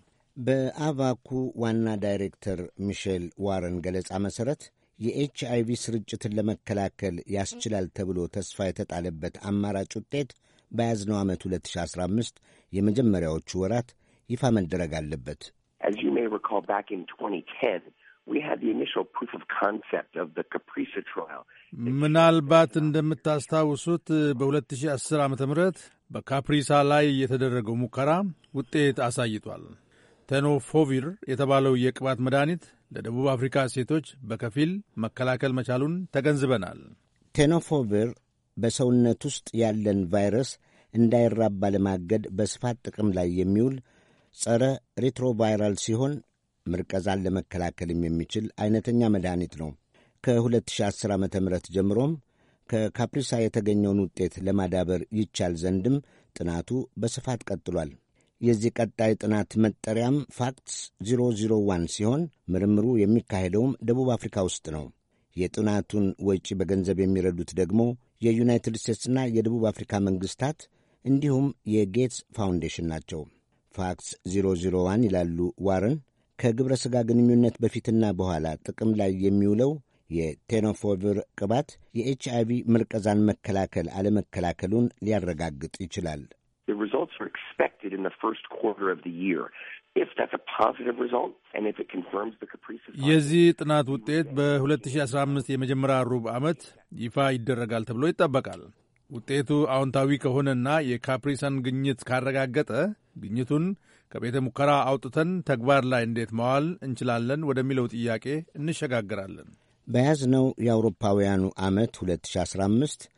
በአቫኩ
ዋና ዳይሬክተር ሚሼል ዋረን ገለጻ መሠረት የኤች ቪ ስርጭትን ለመከላከል ያስችላል ተብሎ ተስፋ የተጣለበት አማራጭ ውጤት በያዝነው ዓመት 2015 የመጀመሪያዎቹ ወራት ይፋ መደረግ አለበት።
ምናልባት እንደምታስታውሱት በ2010 ዓ ም በካፕሪሳ ላይ የተደረገው ሙከራ ውጤት አሳይቷል። ቴኖፎቪር የተባለው የቅባት መድኃኒት ለደቡብ አፍሪካ ሴቶች በከፊል መከላከል መቻሉን ተገንዝበናል።
ቴኖፎቪር በሰውነት ውስጥ ያለን ቫይረስ እንዳይራባ ለማገድ በስፋት ጥቅም ላይ የሚውል ጸረ ሪትሮቫይራል ሲሆን ምርቀዛን ለመከላከልም የሚችል አይነተኛ መድኃኒት ነው። ከ2010 ዓ ም ጀምሮም ከካፕሪሳ የተገኘውን ውጤት ለማዳበር ይቻል ዘንድም ጥናቱ በስፋት ቀጥሏል። የዚህ ቀጣይ ጥናት መጠሪያም ፋክትስ 001 ሲሆን ምርምሩ የሚካሄደውም ደቡብ አፍሪካ ውስጥ ነው። የጥናቱን ወጪ በገንዘብ የሚረዱት ደግሞ የዩናይትድ ስቴትስና የደቡብ አፍሪካ መንግሥታት እንዲሁም የጌትስ ፋውንዴሽን ናቸው። ፋክስ 001 ይላሉ ዋረን፣ ከግብረ ሥጋ ግንኙነት በፊትና በኋላ ጥቅም ላይ የሚውለው የቴኖፎቪር ቅባት የኤች አይቪ ምርቀዛን መከላከል አለመከላከሉን ሊያረጋግጥ ይችላል።
The results are expected in the first quarter of the year. If that's a positive result and if it confirms the caprice
Caprices የዚህ ጥናት ውጤት በ2015 የመጀመሪያ ሩብ ዓመት ይፋ ይደረጋል ተብሎ ይጠበቃል። ውጤቱ አዎንታዊ ከሆነና የካፕሪሰን ግኝት ካረጋገጠ ግኝቱን ከቤተ ሙከራ አውጥተን ተግባር ላይ እንዴት መዋል እንችላለን ወደሚለው ጥያቄ እንሸጋግራለን።
በያዝነው የአውሮፓውያኑ ዓመት 2015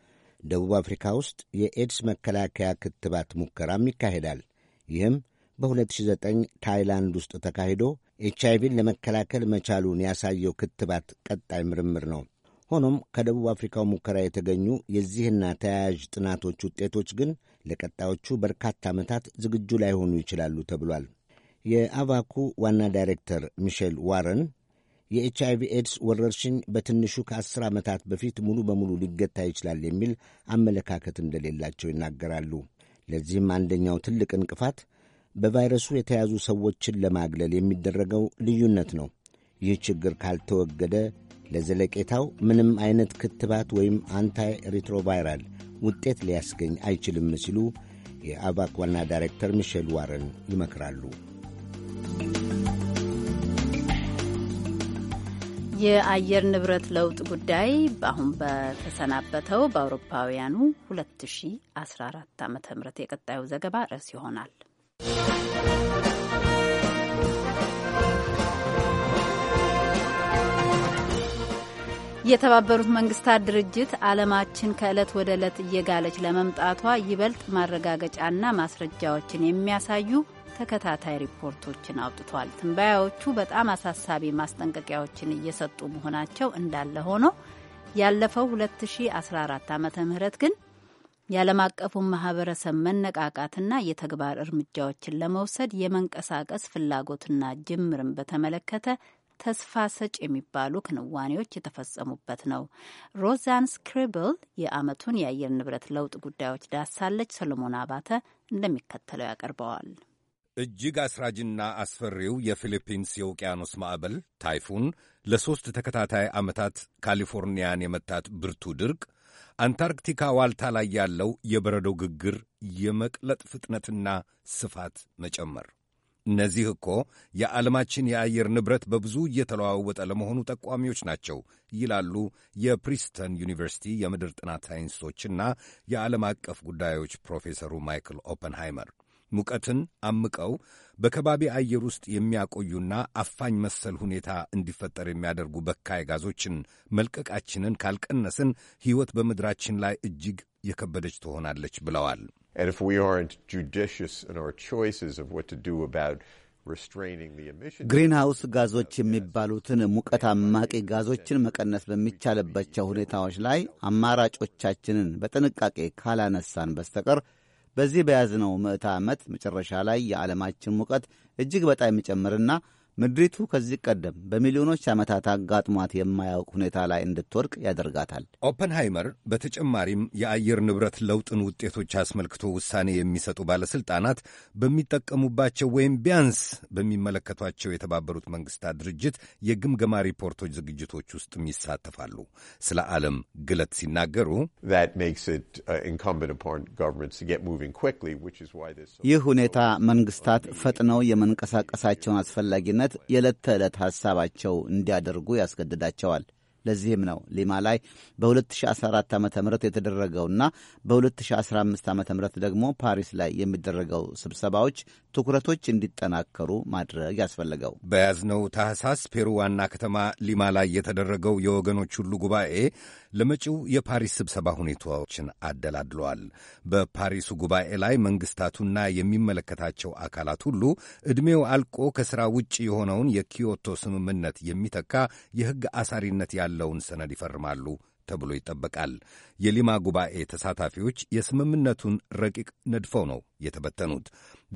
ደቡብ አፍሪካ ውስጥ የኤድስ መከላከያ ክትባት ሙከራም ይካሄዳል። ይህም በ2009 ታይላንድ ውስጥ ተካሂዶ ኤች አይቪን ለመከላከል መቻሉን ያሳየው ክትባት ቀጣይ ምርምር ነው። ሆኖም ከደቡብ አፍሪካው ሙከራ የተገኙ የዚህና ተያያዥ ጥናቶች ውጤቶች ግን ለቀጣዮቹ በርካታ ዓመታት ዝግጁ ላይሆኑ ይችላሉ ተብሏል። የአቫኩ ዋና ዳይሬክተር ሚሼል ዋረን የኤች አይቪ ኤድስ ወረርሽኝ በትንሹ ከአስር ዓመታት በፊት ሙሉ በሙሉ ሊገታ ይችላል የሚል አመለካከት እንደሌላቸው ይናገራሉ። ለዚህም አንደኛው ትልቅ እንቅፋት በቫይረሱ የተያዙ ሰዎችን ለማግለል የሚደረገው ልዩነት ነው። ይህ ችግር ካልተወገደ ለዘለቄታው ምንም አይነት ክትባት ወይም አንታይ ሪትሮቫይራል ውጤት ሊያስገኝ አይችልም ሲሉ የአቫክ ዋና ዳይሬክተር ሚሼል ዋረን ይመክራሉ።
የአየር ንብረት ለውጥ ጉዳይ አሁን በተሰናበተው በአውሮፓውያኑ 2014 ዓ ም የቀጣዩ ዘገባ ርዕስ ይሆናል። የተባበሩት መንግስታት ድርጅት ዓለማችን ከዕለት ወደ ዕለት እየጋለች ለመምጣቷ ይበልጥ ማረጋገጫና ማስረጃዎችን የሚያሳዩ ተከታታይ ሪፖርቶችን አውጥቷል። ትንበያዎቹ በጣም አሳሳቢ ማስጠንቀቂያዎችን እየሰጡ መሆናቸው እንዳለ ሆኖ ያለፈው 2014 ዓ ም ግን የዓለም አቀፉን ማህበረሰብ መነቃቃትና የተግባር እርምጃዎችን ለመውሰድ የመንቀሳቀስ ፍላጎትና ጅምርን በተመለከተ ተስፋ ሰጭ የሚባሉ ክንዋኔዎች የተፈጸሙበት ነው። ሮዛን ስክሪብል የአመቱን የአየር ንብረት ለውጥ ጉዳዮች ዳሳለች። ሰለሞን አባተ እንደሚከተለው ያቀርበዋል።
እጅግ አስራጅና አስፈሪው የፊሊፒንስ የውቅያኖስ ማዕበል ታይፉን፣ ለሦስት ተከታታይ ዓመታት ካሊፎርኒያን የመታት ብርቱ ድርቅ፣ አንታርክቲካ ዋልታ ላይ ያለው የበረዶ ግግር የመቅለጥ ፍጥነትና ስፋት መጨመር፣ እነዚህ እኮ የዓለማችን የአየር ንብረት በብዙ እየተለዋወጠ ለመሆኑ ጠቋሚዎች ናቸው ይላሉ የፕሪስተን ዩኒቨርሲቲ የምድር ጥናት ሳይንስቶችና የዓለም አቀፍ ጉዳዮች ፕሮፌሰሩ ማይክል ኦፐንሃይመር። ሙቀትን አምቀው በከባቢ አየር ውስጥ የሚያቆዩና አፋኝ መሰል ሁኔታ እንዲፈጠር የሚያደርጉ በካይ ጋዞችን መልቀቃችንን ካልቀነስን ሕይወት በምድራችን ላይ እጅግ የከበደች ትሆናለች ብለዋል። ግሪንሃውስ
ጋዞች የሚባሉትን ሙቀት አማቂ ጋዞችን መቀነስ በሚቻልባቸው ሁኔታዎች ላይ አማራጮቻችንን በጥንቃቄ ካላነሳን በስተቀር በዚህ በያዝነው ምዕተ ዓመት መጨረሻ ላይ የዓለማችን ሙቀት እጅግ በጣም የሚጨምርና ምድሪቱ ከዚህ ቀደም በሚሊዮኖች ዓመታት አጋጥሟት የማያውቅ ሁኔታ ላይ እንድትወድቅ ያደርጋታል።
ኦፐንሃይመር በተጨማሪም የአየር ንብረት ለውጥን ውጤቶች አስመልክቶ ውሳኔ የሚሰጡ ባለሥልጣናት በሚጠቀሙባቸው ወይም ቢያንስ በሚመለከቷቸው የተባበሩት መንግሥታት ድርጅት የግምገማ ሪፖርቶች ዝግጅቶች ውስጥም ይሳተፋሉ። ስለ ዓለም ግለት ሲናገሩ uh,
ይህ ሁኔታ መንግሥታት ፈጥነው የመንቀሳቀሳቸውን አስፈላጊነት የዕለት ተዕለት ሐሳባቸው እንዲያደርጉ ያስገድዳቸዋል። ለዚህም ነው ሊማ ላይ በ2014 ዓ ም የተደረገውና በ2015 ዓ ም ደግሞ ፓሪስ
ላይ የሚደረገው ስብሰባዎች ትኩረቶች እንዲጠናከሩ ማድረግ ያስፈለገው። በያዝነው ታህሳስ ፔሩ ዋና ከተማ ሊማ ላይ የተደረገው የወገኖች ሁሉ ጉባኤ ለመጪው የፓሪስ ስብሰባ ሁኔታዎችን አደላድለዋል። በፓሪሱ ጉባኤ ላይ መንግስታቱና የሚመለከታቸው አካላት ሁሉ ዕድሜው አልቆ ከሥራ ውጭ የሆነውን የኪዮቶ ስምምነት የሚተካ የሕግ አሳሪነት ያለ ያለውን ሰነድ ይፈርማሉ ተብሎ ይጠበቃል። የሊማ ጉባኤ ተሳታፊዎች የስምምነቱን ረቂቅ ነድፈው ነው የተበተኑት።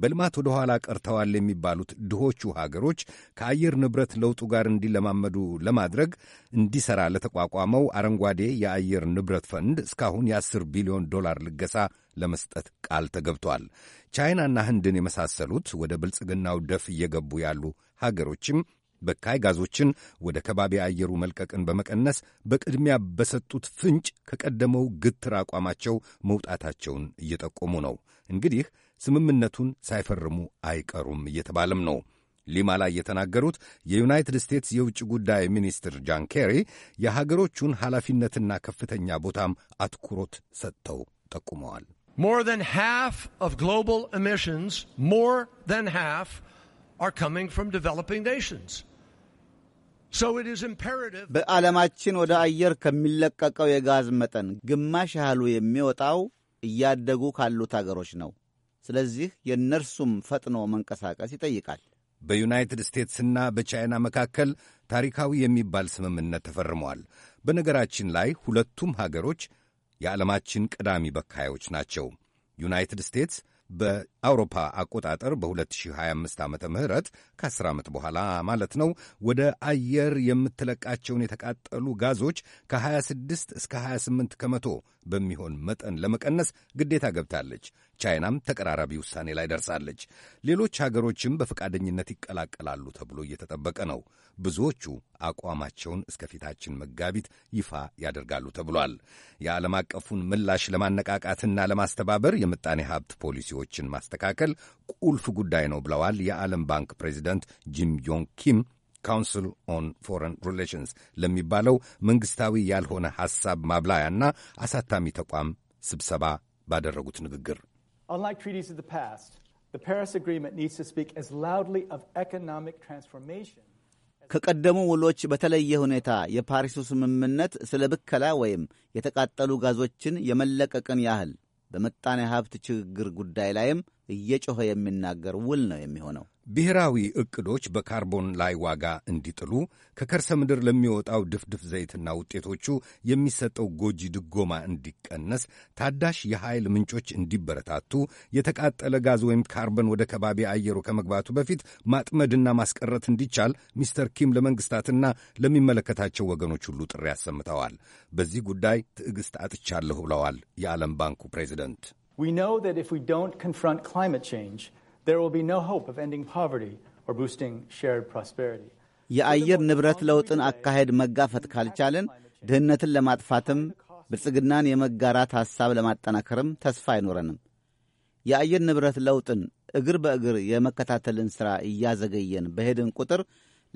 በልማት ወደ ኋላ ቀርተዋል የሚባሉት ድሆቹ ሀገሮች ከአየር ንብረት ለውጡ ጋር እንዲለማመዱ ለማድረግ እንዲሠራ ለተቋቋመው አረንጓዴ የአየር ንብረት ፈንድ እስካሁን የ10 ቢሊዮን ዶላር ልገሳ ለመስጠት ቃል ተገብቷል። ቻይናና ህንድን የመሳሰሉት ወደ ብልጽግናው ደፍ እየገቡ ያሉ ሀገሮችም በካይ ጋዞችን ወደ ከባቢ አየሩ መልቀቅን በመቀነስ በቅድሚያ በሰጡት ፍንጭ ከቀደመው ግትር አቋማቸው መውጣታቸውን እየጠቆሙ ነው። እንግዲህ ስምምነቱን ሳይፈርሙ አይቀሩም እየተባለም ነው። ሊማ ላይ የተናገሩት የዩናይትድ ስቴትስ የውጭ ጉዳይ ሚኒስትር ጃን ኬሪ የሀገሮቹን ኃላፊነትና ከፍተኛ ቦታም አትኩሮት ሰጥተው ጠቁመዋል።
ሞር than half of global emissions more than half are coming from developing nations
በዓለማችን ወደ አየር ከሚለቀቀው የጋዝ መጠን ግማሽ ያህሉ የሚወጣው እያደጉ ካሉት አገሮች ነው።
ስለዚህ የእነርሱም ፈጥኖ መንቀሳቀስ ይጠይቃል። በዩናይትድ ስቴትስና በቻይና መካከል ታሪካዊ የሚባል ስምምነት ተፈርመዋል። በነገራችን ላይ ሁለቱም ሀገሮች የዓለማችን ቀዳሚ በካዮች ናቸው። ዩናይትድ ስቴትስ በአውሮፓ አቆጣጠር በ2025 ዓ ምህረት ከ10 ዓመት በኋላ ማለት ነው ወደ አየር የምትለቃቸውን የተቃጠሉ ጋዞች ከ26 እስከ 28 ከመቶ በሚሆን መጠን ለመቀነስ ግዴታ ገብታለች። ቻይናም ተቀራራቢ ውሳኔ ላይ ደርሳለች። ሌሎች ሀገሮችም በፈቃደኝነት ይቀላቀላሉ ተብሎ እየተጠበቀ ነው። ብዙዎቹ አቋማቸውን እስከፊታችን መጋቢት ይፋ ያደርጋሉ ተብሏል። የዓለም አቀፉን ምላሽ ለማነቃቃትና ለማስተባበር የምጣኔ ሀብት ፖሊሲዎችን ማስተካከል ቁልፍ ጉዳይ ነው ብለዋል የዓለም ባንክ ፕሬዚደንት ጂም ዮንግ ኪም ካውንስል ኦን ፎረን ሪሌሽንስ ለሚባለው መንግስታዊ ያልሆነ ሐሳብ ማብላያና አሳታሚ ተቋም ስብሰባ ባደረጉት ንግግር
Unlike treaties of the past, the Paris Agreement needs to speak as loudly of economic transformation.
ከቀደሙ ውሎች በተለየ ሁኔታ የፓሪሱ ስምምነት ስለ ብከላ ወይም የተቃጠሉ ጋዞችን የመለቀቅን ያህል በመጣኔ ሀብት ችግር ጉዳይ
ላይም እየጮኸ የሚናገር ውል ነው የሚሆነው። ብሔራዊ እቅዶች በካርቦን ላይ ዋጋ እንዲጥሉ ከከርሰ ምድር ለሚወጣው ድፍድፍ ዘይትና ውጤቶቹ የሚሰጠው ጎጂ ድጎማ እንዲቀነስ፣ ታዳሽ የኃይል ምንጮች እንዲበረታቱ፣ የተቃጠለ ጋዝ ወይም ካርበን ወደ ከባቢ አየሩ ከመግባቱ በፊት ማጥመድና ማስቀረት እንዲቻል ሚስተር ኪም ለመንግስታትና ለሚመለከታቸው ወገኖች ሁሉ ጥሪ አሰምተዋል። በዚህ ጉዳይ ትዕግስት አጥቻለሁ ብለዋል የዓለም ባንኩ ፕሬዚደንት።
We know that if we don't confront climate change, there will be no hope of ending poverty or boosting shared prosperity.
የአየር ንብረት ለውጥን አካሄድ መጋፈጥ ካልቻለን ድህነትን ለማጥፋትም ብልጽግናን የመጋራት ሐሳብ ለማጠናከርም ተስፋ አይኖረንም። የአየር ንብረት ለውጥን እግር በእግር የመከታተልን ሥራ እያዘገየን በሄድን ቁጥር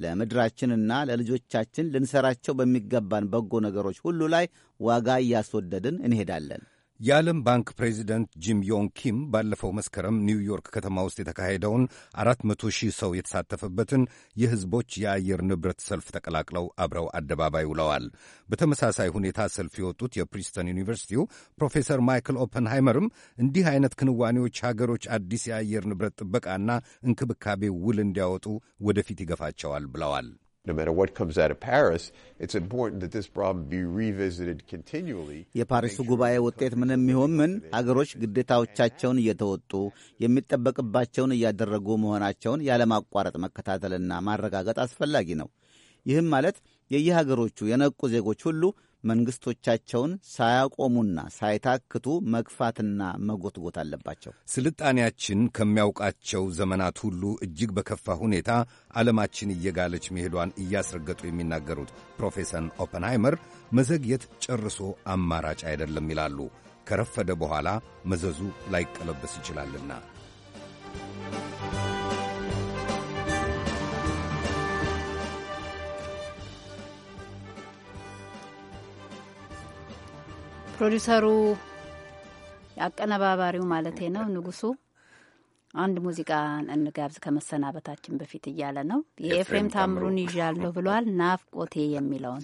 ለምድራችንና ለልጆቻችን ልንሠራቸው በሚገባን በጎ ነገሮች ሁሉ ላይ ዋጋ እያስወደድን እንሄዳለን።
የዓለም ባንክ ፕሬዚደንት ጂም ዮንግ ኪም ባለፈው መስከረም ኒውዮርክ ከተማ ውስጥ የተካሄደውን አራት መቶ ሺህ ሰው የተሳተፈበትን የሕዝቦች የአየር ንብረት ሰልፍ ተቀላቅለው አብረው አደባባይ ውለዋል። በተመሳሳይ ሁኔታ ሰልፍ የወጡት የፕሪስተን ዩኒቨርሲቲው ፕሮፌሰር ማይክል ኦፐንሃይመርም እንዲህ አይነት ክንዋኔዎች ሀገሮች አዲስ የአየር ንብረት ጥበቃና እንክብካቤ ውል እንዲያወጡ ወደፊት ይገፋቸዋል ብለዋል።
የፓሪሱ ጉባኤ ውጤት ምንም ይሁን ምን ሀገሮች ግዴታዎቻቸውን እየተወጡ የሚጠበቅባቸውን እያደረጉ መሆናቸውን ያለማቋረጥ መከታተልና ማረጋገጥ አስፈላጊ ነው። ይህም ማለት የየሀገሮቹ የነቁ ዜጎች ሁሉ መንግስቶቻቸውን ሳያቆሙና ሳይታክቱ መግፋትና መጎትጎት አለባቸው።
ስልጣኔያችን ከሚያውቃቸው ዘመናት ሁሉ እጅግ በከፋ ሁኔታ ዓለማችን እየጋለች መሄዷን እያስረገጡ የሚናገሩት ፕሮፌሰር ኦፐንሃይመር መዘግየት ጨርሶ አማራጭ አይደለም ይላሉ። ከረፈደ በኋላ መዘዙ ላይቀለበስ ይችላልና።
ፕሮዲሰሩ አቀነባባሪው ማለቴ ነው ንጉሱ አንድ ሙዚቃ እንጋብዝ ከመሰናበታችን በፊት እያለ ነው። የኤፍሬም ታምሩን ይዣለሁ ብሏል። ናፍቆቴ የሚለውን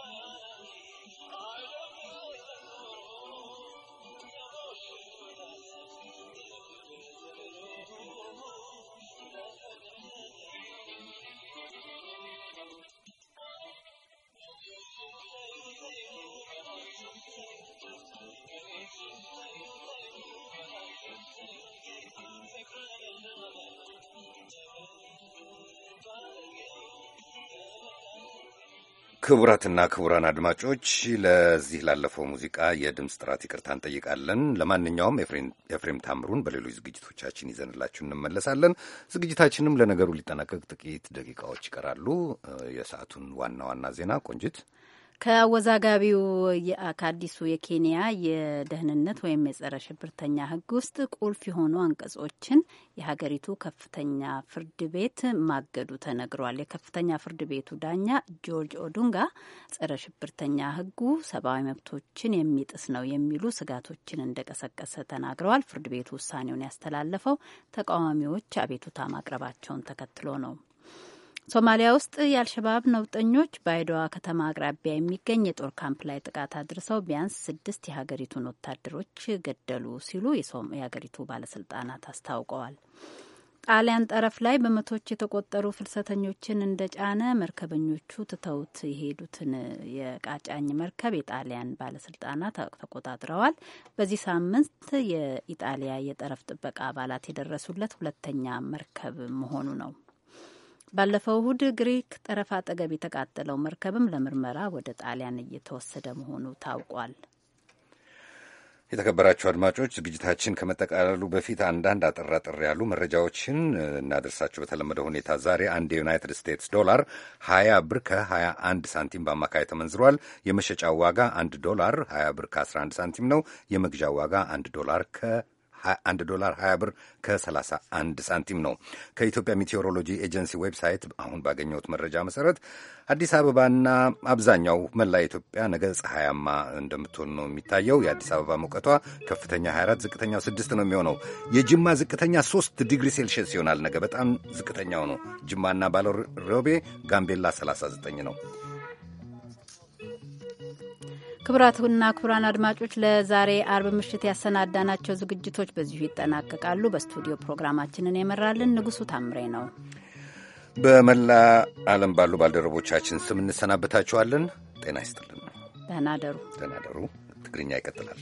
ክቡራትና ክቡራን አድማጮች ለዚህ ላለፈው ሙዚቃ የድምፅ ጥራት ይቅርታ እንጠይቃለን። ለማንኛውም ኤፍሬም ታምሩን በሌሎች ዝግጅቶቻችን ይዘንላችሁ እንመለሳለን። ዝግጅታችንም ለነገሩ ሊጠናቀቅ ጥቂት ደቂቃዎች ይቀራሉ። የሰዓቱን ዋና ዋና ዜና ቆንጅት
ከአወዛጋቢው ከአዲሱ የኬንያ የደህንነት ወይም የጸረ ሽብርተኛ ሕግ ውስጥ ቁልፍ የሆኑ አንቀጾችን የሀገሪቱ ከፍተኛ ፍርድ ቤት ማገዱ ተነግሯል። የከፍተኛ ፍርድ ቤቱ ዳኛ ጆርጅ ኦዱንጋ ጸረ ሽብርተኛ ሕጉ ሰብአዊ መብቶችን የሚጥስ ነው የሚሉ ስጋቶችን እንደቀሰቀሰ ተናግረዋል። ፍርድ ቤቱ ውሳኔውን ያስተላለፈው ተቃዋሚዎች አቤቱታ ማቅረባቸውን ተከትሎ ነው። ሶማሊያ ውስጥ የአልሸባብ ነውጠኞች በአይዶዋ ከተማ አቅራቢያ የሚገኝ የጦር ካምፕ ላይ ጥቃት አድርሰው ቢያንስ ስድስት የሀገሪቱን ወታደሮች ገደሉ ሲሉ የሀገሪቱ ባለስልጣናት አስታውቀዋል። ጣሊያን ጠረፍ ላይ በመቶዎች የተቆጠሩ ፍልሰተኞችን እንደጫነ መርከበኞቹ ትተውት የሄዱትን የቃጫኝ መርከብ የጣሊያን ባለስልጣናት ተቆጣጥረዋል። በዚህ ሳምንት የኢጣሊያ የጠረፍ ጥበቃ አባላት የደረሱለት ሁለተኛ መርከብ መሆኑ ነው። ባለፈው እሁድ ግሪክ ጠረፍ አጠገብ የተቃጠለው መርከብም ለምርመራ ወደ ጣሊያን እየተወሰደ መሆኑ ታውቋል።
የተከበራችሁ አድማጮች ዝግጅታችን ከመጠቃለሉ በፊት አንዳንድ አጠር አጠር ያሉ መረጃዎችን እናደርሳቸው። በተለመደ ሁኔታ ዛሬ አንድ የዩናይትድ ስቴትስ ዶላር 20 ብር ከ21 ሳንቲም በአማካይ ተመንዝሯል። የመሸጫው ዋጋ 1 ዶላር 20 ብር ከ11 ሳንቲም ነው። የመግዣው ዋጋ 1 ዶላር ከ 1 ዶላር 20 ብር ከ31 ሳንቲም ነው። ከኢትዮጵያ ሜቴዎሮሎጂ ኤጀንሲ ዌብሳይት አሁን ባገኘሁት መረጃ መሰረት አዲስ አበባና አብዛኛው መላ ኢትዮጵያ ነገ ፀሐያማ እንደምትሆን ነው የሚታየው። የአዲስ አበባ ሙቀቷ ከፍተኛ 24፣ ዝቅተኛው 6 ነው የሚሆነው። የጅማ ዝቅተኛ 3 ዲግሪ ሴልሽየስ ይሆናል። ነገ በጣም ዝቅተኛው ነው ጅማና ባለሮቤ ጋምቤላ 39 ነው።
ክቡራትና ክቡራን አድማጮች ለዛሬ አርብ ምሽት ያሰናዳናቸው ዝግጅቶች በዚሁ ይጠናቀቃሉ። በስቱዲዮ ፕሮግራማችንን የመራልን ንጉሱ ታምሬ ነው።
በመላ ዓለም ባሉ ባልደረቦቻችን ስም እንሰናበታችኋለን። ጤና ይስጥልን። ደህና ደሩ፣ ደህና ደሩ። ትግርኛ ይቀጥላል።